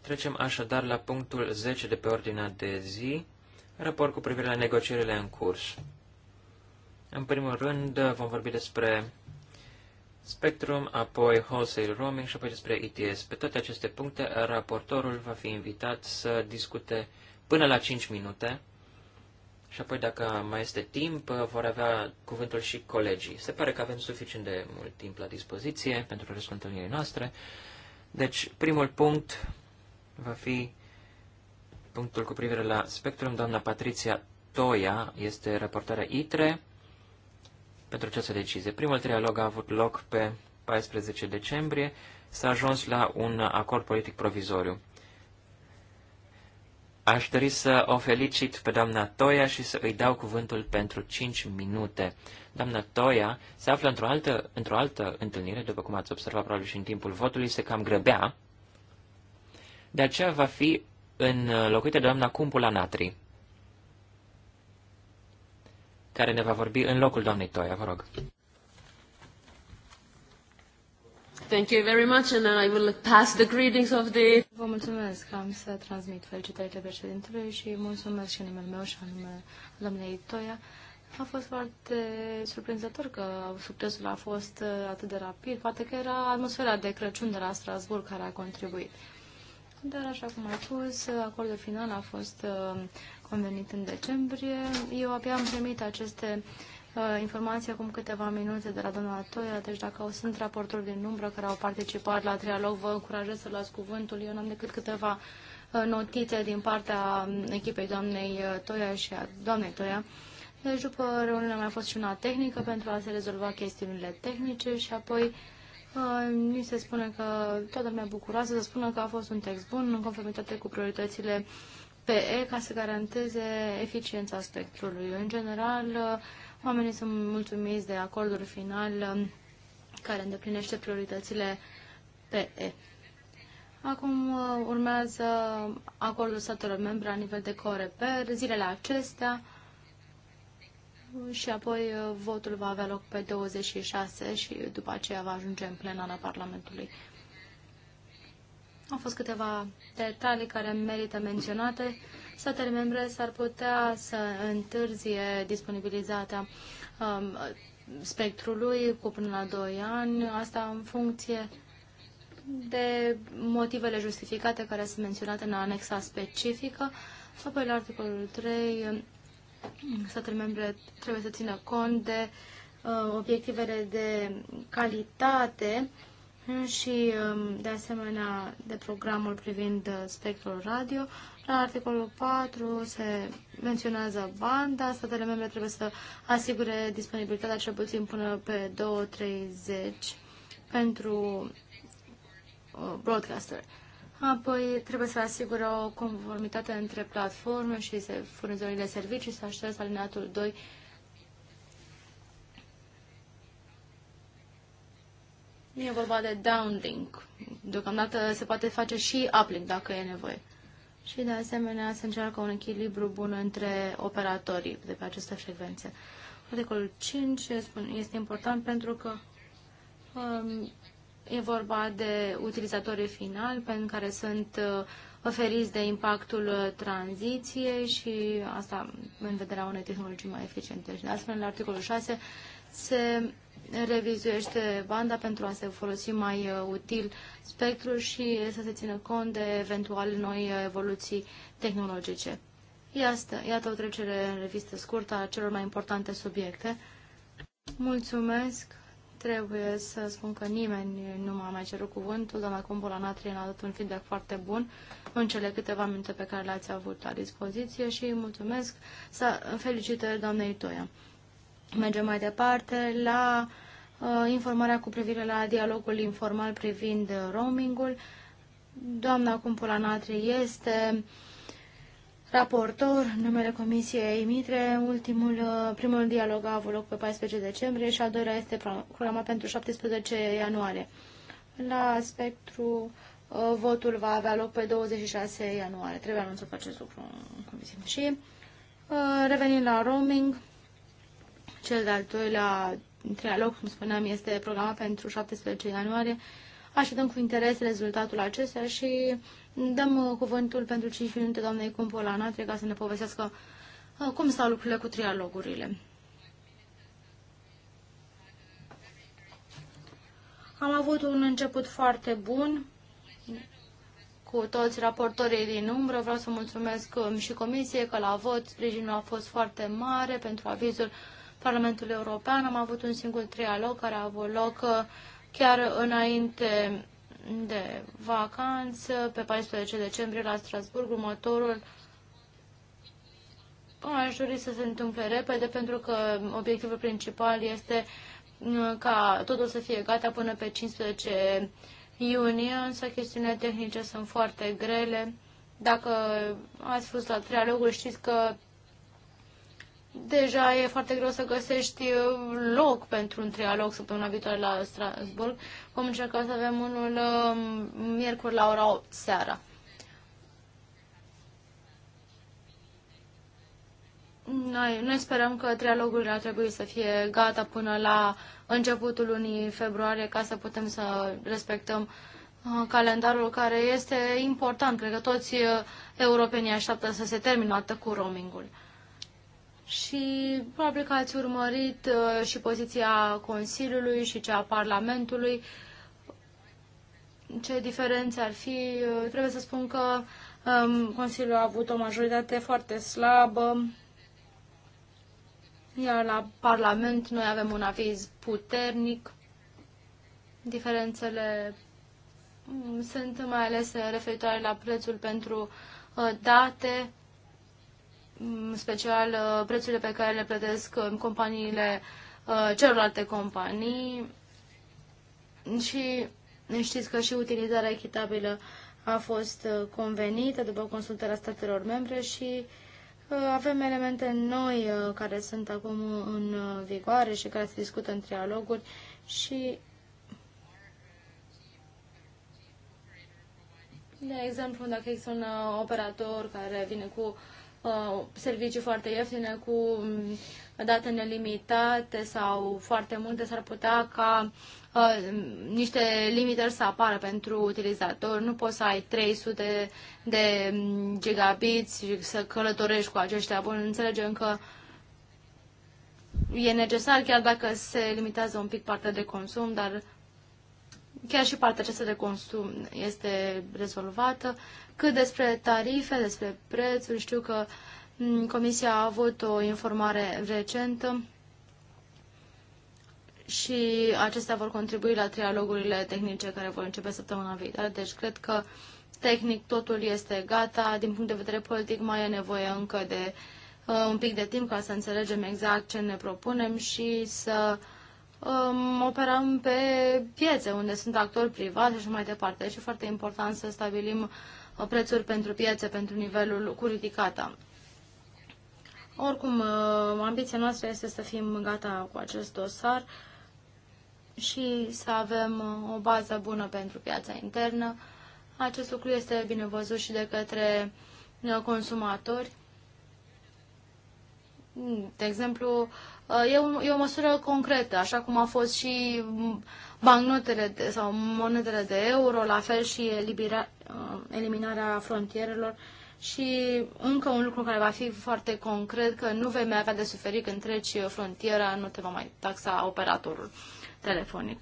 S1: Trecem așadar la punctul 10 de pe ordinea de zi, raport cu privire la negocierile în curs. În primul rând vom vorbi despre Spectrum, apoi Wholesale Roaming și apoi despre ETS. Pe toate aceste puncte, raportorul va fi invitat să discute până la 5 minute și apoi, dacă mai este timp, vor avea cuvântul și colegii. Se pare că avem suficient de mult timp la dispoziție pentru restul întâlnirii noastre. Deci, primul punct va fi punctul cu privire la Spectrum. Doamna Patricia Toia este raportarea ITRE pentru această decizie. Primul trialog a avut loc pe 14 decembrie. S-a ajuns la un acord politic provizoriu. Aș dori să o felicit pe doamna Toia și să îi dau cuvântul pentru 5 minute. Doamna Toia se află într-o altă, într altă întâlnire, după cum ați observat probabil și în timpul votului, se cam grăbea. De aceea va fi înlocuită doamna Cumpula Natri, care ne va vorbi în locul doamnei Toia, vă rog.
S3: Thank you very much and I will pass the greetings of the... Vă mulțumesc, am să transmit felicitările președintelui și mulțumesc și numele meu și anume domnului Toia. A fost foarte surprinzător că succesul a fost uh, atât de rapid, poate că era atmosfera de Crăciun de la Strasburg care a contribuit. Dar, așa cum ai spus, acordul final a fost uh, convenit în decembrie. Eu abia am primit aceste uh, Uh, informații acum câteva minute de la domnul Toia, deci dacă au sunt raportori din umbră care au participat la trialog, vă încurajez să luați cuvântul. Eu n-am decât câteva uh, notițe din partea um, echipei doamnei uh, Toia și a doamnei Toia. Deci după mai a fost și una tehnică pentru a se rezolva chestiunile tehnice și apoi mi se spune că toată lumea bucuroasă să spună că a fost un text bun în conformitate cu prioritățile PE ca să garanteze eficiența spectrului. În general, Oamenii sunt mulțumiți de acordul final um, care îndeplinește prioritățile PE. Acum uh, urmează acordul statelor membre la nivel de coreper, zilele acestea și apoi uh, votul va avea loc pe 26 și după aceea va ajunge în plenara Parlamentului. Au fost câteva detalii care merită menționate statele membre s-ar putea să întârzie disponibilizarea um, spectrului cu până la 2 ani, asta în funcție de motivele justificate care sunt menționate în anexa specifică. Apoi, la articolul 3, statele membre trebuie să țină cont de uh, obiectivele de calitate și, um, de asemenea, de programul privind uh, spectrul radio, la articolul 4 se menționează banda. Statele membre trebuie să asigure disponibilitatea cel puțin până pe 2.30 pentru uh, broadcaster. Apoi trebuie să asigură o conformitate între platforme și furnizorii de servicii, să așteptă alineatul 2 E vorba de downlink. Deocamdată se poate face și uplink dacă e nevoie și de asemenea se încearcă un echilibru bun între operatorii de pe aceste frecvențe. Articolul 5 este important pentru că um, e vorba de utilizatorii finali pentru care sunt uh, oferiți de impactul uh, tranziției și asta în vederea unei tehnologii mai eficiente. Și de asemenea, la articolul 6 se revizuiește banda pentru a se folosi mai uh, util spectrul și să se țină cont de eventual noi uh, evoluții tehnologice. Iată, iată o trecere în revistă scurtă a celor mai importante subiecte. Mulțumesc! Trebuie să spun că nimeni nu m-a mai cerut cuvântul, doamna Cumbula Natrie a dat un feedback foarte bun în cele câteva minute pe care le-ați avut la dispoziție și mulțumesc, să felicitări doamnei Toia. Mergem mai departe la uh, informarea cu privire la dialogul informal privind roamingul. Doamna Cumpula Natri este raportor numele Comisiei Mitre. Ultimul, uh, primul dialog a avut loc pe 14 decembrie și al doilea este programat pentru 17 ianuarie. La spectru uh, votul va avea loc pe 26 ianuarie. Trebuie anunțat acest lucru în comisie. Și uh, revenind la roaming, cel de-al doilea trialog, cum spuneam, este programat pentru 17 ianuarie. Așteptăm cu interes rezultatul acesta și dăm uh, cuvântul pentru 5 minute doamnei Cumpola Natre ca să ne povestească uh, cum stau lucrurile cu trialogurile. Am avut un început foarte bun cu toți raportorii din umbră. Vreau să mulțumesc uh, și comisie că la vot sprijinul a fost foarte mare pentru avizul uh, Parlamentul European. Am avut un singur trialog care a avut loc uh, chiar înainte de vacanță, pe 14 decembrie la Strasburg, următorul aș dori să se întâmple repede pentru că obiectivul principal este uh, ca totul să fie gata până pe 15 iunie, însă chestiunile tehnice sunt foarte grele. Dacă ați fost la trialoguri, știți că deja e foarte greu să găsești uh, loc pentru un trialog săptămâna viitoare la Strasburg. Vom încerca să avem unul um, miercuri la ora 8 seara. Noi, noi sperăm că trialogurile ar trebui să fie gata până la începutul lunii februarie ca să putem să respectăm uh, calendarul care este important. Cred că toți uh, europenii așteaptă să se termine cu roamingul și probabil că ați urmărit uh, și poziția Consiliului și cea a Parlamentului. Ce diferențe ar fi? Uh, trebuie să spun că um, Consiliul a avut o majoritate foarte slabă, iar la Parlament noi avem un aviz puternic. Diferențele um, sunt mai ales referitoare la prețul pentru uh, date în special uh, prețurile pe care le plătesc uh, companiile, uh, celorlalte companii și știți că și utilizarea echitabilă a fost convenită după consultarea statelor membre și avem elemente noi care sunt acum în vigoare și care se discută în trialoguri și de exemplu, dacă există un operator care vine cu uh, servicii foarte ieftine cu um, date nelimitate sau foarte multe, s-ar putea ca uh, niște limitări să apară pentru utilizator. Nu poți să ai 300 de um, gigabiți și să călătorești cu aceștia. Bun, înțelegem că e necesar chiar dacă se limitează un pic partea de consum, dar chiar și partea aceasta de consum este rezolvată. Cât despre tarife, despre prețuri, știu că mm, Comisia a avut o informare recentă și acestea vor contribui la trialogurile tehnice care vor începe săptămâna viitoare. Deci cred că tehnic totul este gata. Din punct de vedere politic mai e nevoie încă de uh, un pic de timp ca să înțelegem exact ce ne propunem și să uh, um, operăm pe piețe, unde sunt actori privați și așa mai departe. Deci e foarte important să stabilim uh, prețuri pentru piețe, pentru nivelul cu ridicata. Oricum, uh, ambiția noastră este să fim gata cu acest dosar și să avem uh, o bază bună pentru piața internă. Acest lucru este bine văzut și de către consumatori. De exemplu, Uh, e o, e o măsură concretă, așa cum au fost și mm, bancnotele de, sau monedele de euro, la fel și elibira, uh, eliminarea frontierelor. Și încă un lucru care va fi foarte concret, că nu vei mai avea de suferit când treci frontiera, nu te va mai taxa operatorul telefonic.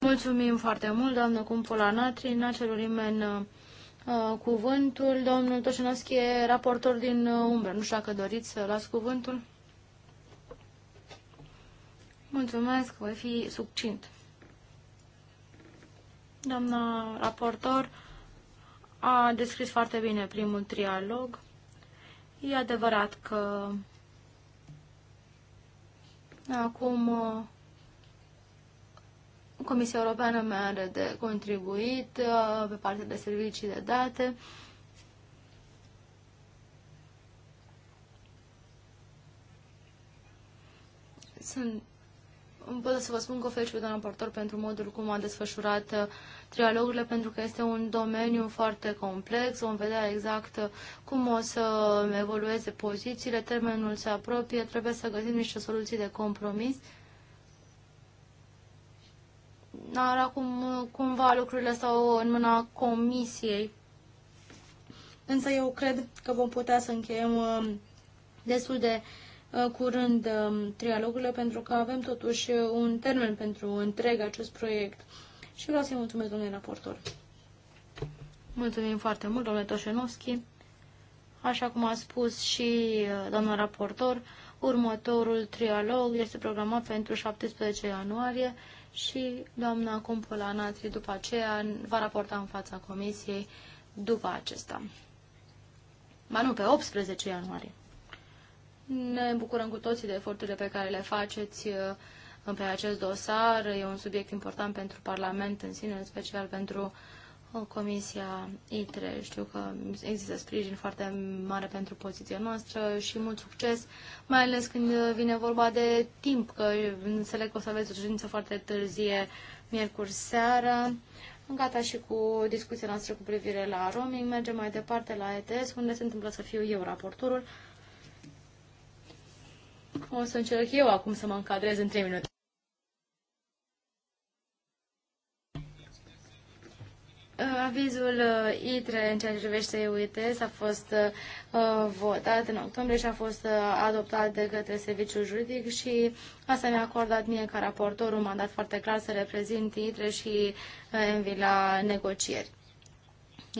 S3: Mulțumim foarte mult, doamnă Cumpula Natri, n-a cerut nimeni uh, uh cuvântul. Domnul Toșinovski e raportor din uh, umbră. Nu știu dacă doriți să las cuvântul. Mulțumesc, voi fi succint. Doamna raportor a descris foarte bine primul trialog. E adevărat că acum uh, Comisia Europeană mai are de contribuit uh, pe partea de servicii de date. Sunt pot să vă spun că o felicit pe doamna portor pentru modul cum a desfășurat uh, trialogurile, pentru că este un domeniu foarte complex. Vom vedea exact uh, cum o să evolueze pozițiile, termenul se apropie, trebuie să găsim niște soluții de compromis. Dar acum uh, cumva lucrurile stau în mâna comisiei. Însă eu cred că vom putea să încheiem destul de uh, Uh, curând um, trialogurile, pentru că avem totuși uh, un termen pentru întreg acest proiect. Și vreau să-i mulțumesc, domnule raportor. Mulțumim foarte mult, domnule Toșenovski. Așa cum a spus și uh, doamna raportor, următorul trialog este programat pentru 17 ianuarie și doamna Cumpăla Natri după aceea va raporta în fața comisiei după acesta. Ba nu, pe 18 ianuarie. Ne bucurăm cu toții de eforturile pe care le faceți uh, pe acest dosar. E un subiect important pentru Parlament în sine, în special pentru uh, Comisia ITRE. Știu că există sprijin foarte mare pentru poziția noastră și mult succes, mai ales când uh, vine vorba de timp, că înțeleg că o să aveți o ședință foarte târzie miercuri seara. Gata și cu discuția noastră cu privire la roaming, mergem mai departe la ETS, unde se întâmplă să fiu eu raportorul. O să încerc eu acum să mă încadrez în 3 minute. Uh, avizul uh, ITRE în ceea ce privește s a fost uh, votat în octombrie și a fost uh, adoptat de către serviciul juridic și asta mi-a acordat mie ca raportor un mandat foarte clar să reprezint ITRE și uh, ENVI la negocieri.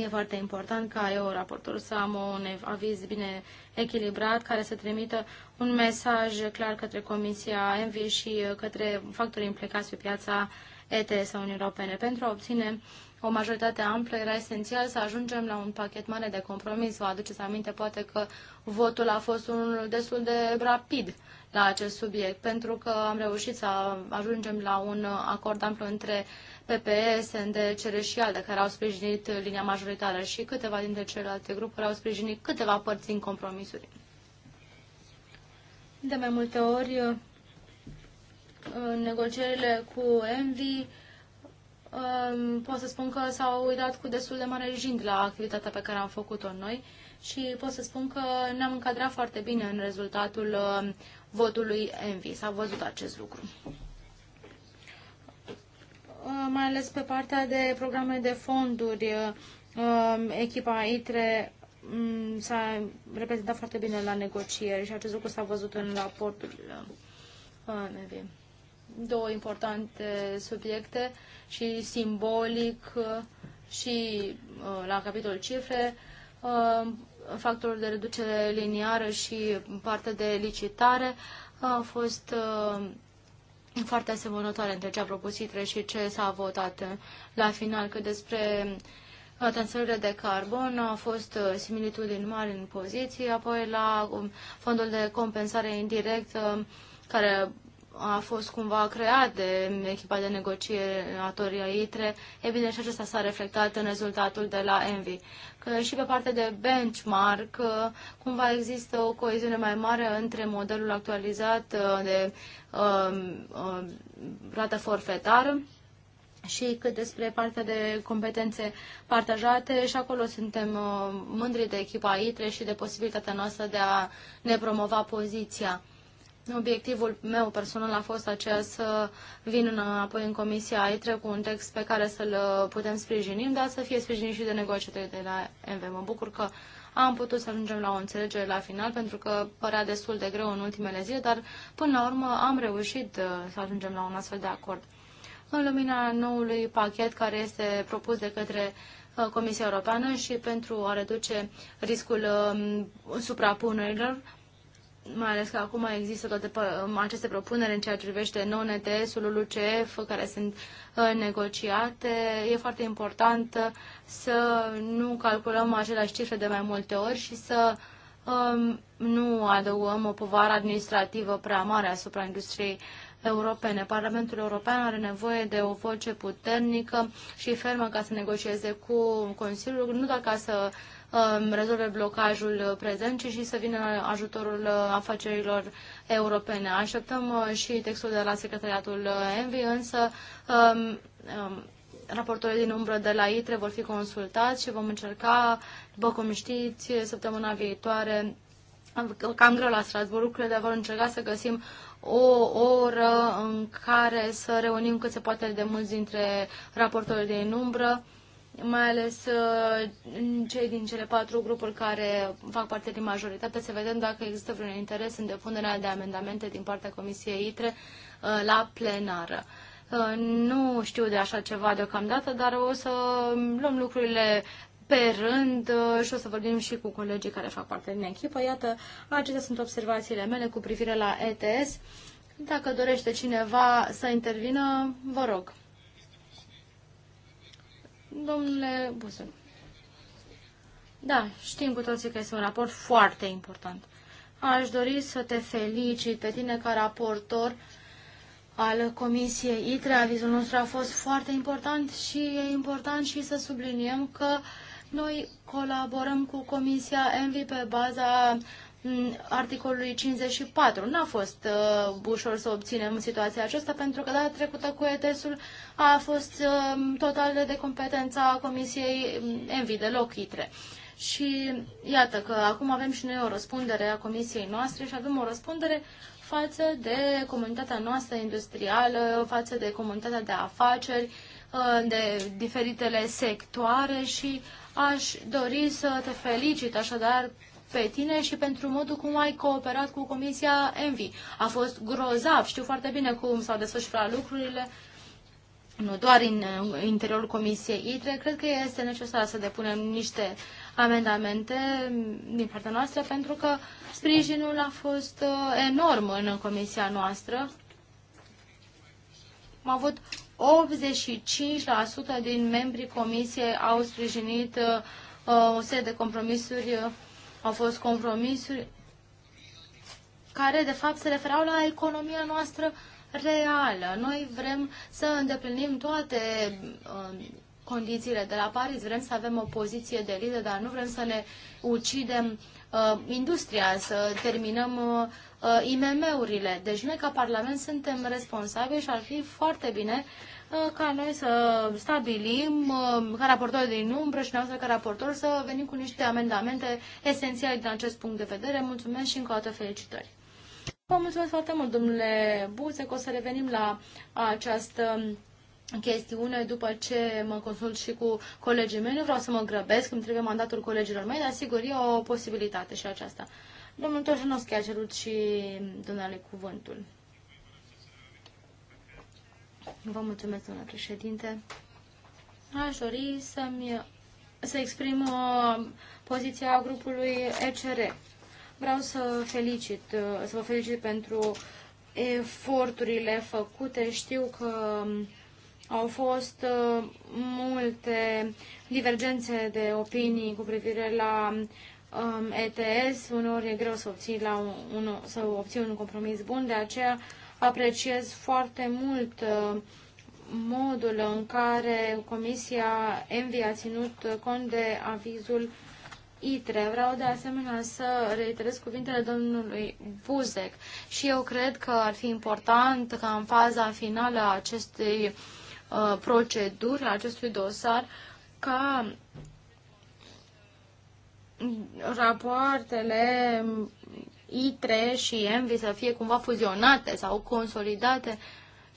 S3: E foarte important ca eu, raportor, să am un aviz bine echilibrat, care să trimită un mesaj clar către Comisia MV și uh, către factorii implicați pe piața ETS a Uniunii Europene. Pentru a obține o majoritate amplă era esențial să ajungem la un pachet mare de compromis. Vă aduceți aminte poate că votul a fost unul destul de rapid la acest subiect, pentru că am reușit să ajungem la un acord amplu între uh, PPE, SND, CR și alte, care au sprijinit linia majoritară și câteva dintre celelalte grupuri au sprijinit câteva părți în compromisuri. De mai multe ori, uh, în negocierile cu Envy, um, pot să spun că s-au uitat cu destul de mare jind la activitatea pe care am făcut-o noi și pot să spun că ne-am încadrat foarte bine în rezultatul uh, votului Envy. S-a văzut acest lucru. Uh, mai ales pe partea de programe de fonduri. Uh, um, echipa ITRE um, s-a reprezentat foarte bine la negocieri și acest lucru s-a văzut în raporturile. Uh, Două importante subiecte și simbolic și la capitol cifre, factorul de reducere liniară și partea de licitare a fost foarte asemănătoare între cea propus ITRE și ce s-a votat la final, că despre uh, transferurile de carbon au fost uh, similitudini mari în poziții, apoi la um, fondul de compensare indirectă care a fost cumva creat de echipa de negociatorii a ITRE, e bine și acesta s-a reflectat în rezultatul de la Envi. Că și pe partea de benchmark, cumva există o coeziune mai mare între modelul actualizat uh, de uh, uh, rată forfetară și cât despre partea de competențe partajate și acolo suntem uh, mândri de echipa ITRE și de posibilitatea noastră de a ne promova poziția. Obiectivul meu personal a fost acela să vin înapoi în Comisia AITRE cu un text pe care să-l uh, putem sprijini, dar să fie sprijinit și de negociatorii de la MV. Mă bucur că am putut să ajungem la o înțelegere la final, pentru că părea destul de greu în ultimele zile, dar până la urmă am reușit uh, să ajungem la un astfel de acord. În lumina noului pachet care este propus de către uh, Comisia Europeană și pentru a reduce riscul um, suprapunerilor, mai ales că acum există toate um, aceste propuneri în ceea ce privește non-ETS-ul, LUCF, care sunt uh, negociate. E foarte important să nu calculăm aceleași cifre de mai multe ori și să um, nu adăugăm o povară administrativă prea mare asupra industriei europene. Parlamentul European are nevoie de o voce puternică și fermă ca să negocieze cu Consiliul, nu doar ca să uh, Um, rezolve blocajul uh, prezent, ci și să vină ajutorul uh, afacerilor europene. Așteptăm uh, și textul de la Secretariatul Envi, însă um, um, raportorii din umbră de la ITRE vor fi consultați și vom încerca, după cum știți, săptămâna viitoare, cam greu la Strasburg, dar vor încerca să găsim o oră în care să reunim cât se poate de mulți dintre raportorii din umbră mai ales uh, cei din cele patru grupuri care fac parte din majoritate, să vedem dacă există vreun interes în depunerea de amendamente din partea Comisiei ITRE uh, la plenară. Uh, nu știu de așa ceva deocamdată, dar o să luăm lucrurile pe rând și o să vorbim și cu colegii care fac parte din echipă. Iată, acestea sunt observațiile mele cu privire la ETS. Dacă dorește cineva să intervină, vă rog. Domnule Buzun, da, știm cu toții că este un raport foarte important. Aș dori să te felicit pe tine ca raportor al Comisiei ITRE. Avizul nostru a fost foarte important și e important și să subliniem că noi colaborăm cu Comisia ENVI pe baza Mm, articolului 54. N-a fost uh, ușor să obținem situația aceasta pentru că data trecută cu ETS-ul a fost uh, total de competența Comisiei mm, Envi, deloc ITRE. Și iată că acum avem și noi o răspundere a Comisiei noastre și avem o răspundere față de comunitatea noastră industrială, față de comunitatea de afaceri, uh, de diferitele sectoare și aș dori să te felicit așadar pe tine și pentru modul cum ai cooperat cu Comisia Envi. A fost grozav, știu foarte bine cum s-au desfășurat lucrurile, nu doar în interiorul Comisiei ITRE. Cred că este necesar să depunem niște amendamente din partea noastră pentru că sprijinul a fost uh, enorm în Comisia noastră. Am avut 85% din membrii comisiei au sprijinit uh, uh o serie de compromisuri uh, au fost compromisuri care, de fapt, se referau la economia noastră reală. Noi vrem să îndeplinim toate uh, condițiile de la Paris, vrem să avem o poziție de lider, dar nu vrem să ne ucidem uh, industria, să terminăm uh, uh IMM-urile. Deci noi, ca Parlament, suntem responsabili și ar fi foarte bine uh, Uh, ca noi să stabilim, uh, ca raportor din umbră și noastră ca raportor, să venim cu niște amendamente esențiale din acest punct de vedere. Mulțumesc și încă o dată felicitări. Vă mulțumesc foarte mult, domnule Buze, că o să revenim la această chestiune după ce mă consult și cu colegii mei. Nu vreau să mă grăbesc, îmi trebuie mandatul colegilor mei, dar sigur e o posibilitate și aceasta. Domnul Toșenovski a cerut și dumneavoastră cuvântul. Vă mulțumesc, domnule președinte. Aș dori să-mi să exprim uh, poziția grupului ECR. Vreau să felicit, uh, să vă felicit pentru eforturile făcute. Știu că um, au fost uh, multe divergențe de opinii cu privire la um, ETS. Uneori e greu să obții, la un, un, să obții un compromis bun, de aceea Apreciez foarte mult uh, modul în care Comisia Envi a ținut cont de avizul ITRE. Vreau de asemenea să reiterez cuvintele domnului Buzek și eu cred că ar fi important ca în faza finală a acestei uh, proceduri, a acestui dosar, ca rapoartele I3 și Envy să fie cumva fuzionate sau consolidate.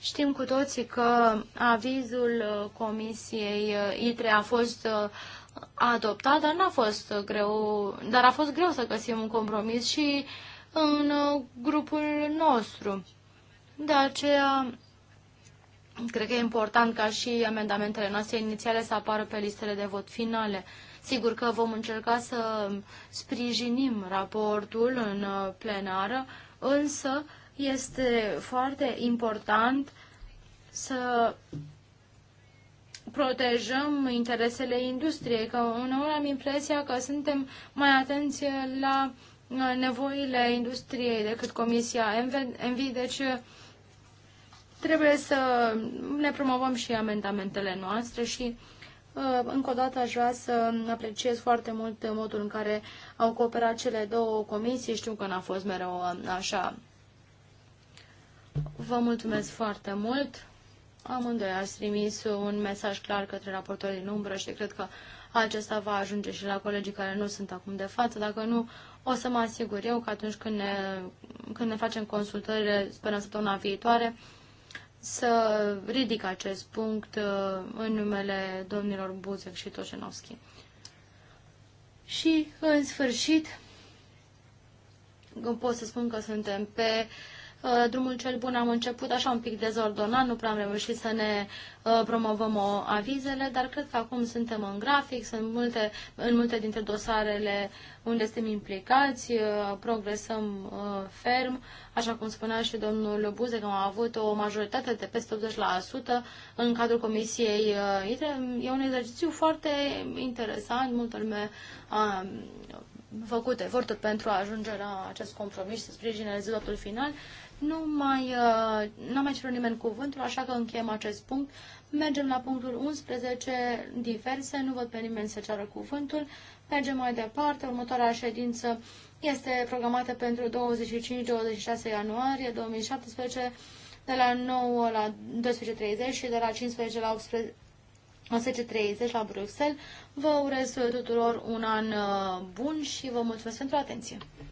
S3: Știm cu toții că avizul uh, Comisiei uh, I3 a fost uh, adoptat, dar n-a fost greu, dar a fost greu să găsim un compromis și în grupul nostru. De aceea, cred că e important ca și amendamentele noastre inițiale să apară pe listele de vot finale. Sigur că vom încerca să sprijinim raportul în uh, plenară, însă este foarte important să protejăm interesele industriei, că uneori am impresia că suntem mai atenți la uh, nevoile industriei decât Comisia Envi, deci uh, trebuie să ne promovăm și amendamentele noastre și Uh, încă o dată aș vrea să apreciez foarte mult modul în care au cooperat cele două comisii. Știu că n-a fost mereu uh, așa. Vă mulțumesc foarte mult. Amândoi ați trimis un mesaj clar către raportorii din umbră și cred că acesta va ajunge și la colegii care nu sunt acum de față. Dacă nu, o să mă asigur eu că atunci când ne, când ne facem consultările, sperăm săptămâna viitoare, să ridic acest punct uh, în numele domnilor Buzek și Toșenovski. Și, în sfârșit, pot să spun că suntem pe Uh, drumul cel bun. Am început așa un pic dezordonat, nu prea am reușit să ne uh, promovăm o avizele, dar cred că acum suntem în grafic, sunt multe, în multe dintre dosarele unde suntem implicați, uh, progresăm ferm. Așa cum spunea și domnul Buze, că am avut o majoritate de peste 80% în cadrul Comisiei ITRE. E un exercițiu foarte interesant, multă lume a um, făcut eforturi pentru a ajunge la acest compromis și să sprijine rezultatul final nu mai, uh, nu mai cerut nimeni cuvântul, așa că încheiem acest punct. Mergem la punctul 11, diverse, nu văd pe nimeni să ceară cuvântul. Mergem mai departe, următoarea ședință este programată pentru 25-26 ianuarie 2017, de la 9 la 12.30 și de la 15 la 18.30 la Bruxelles. Vă urez tuturor un an uh, bun și vă mulțumesc pentru atenție.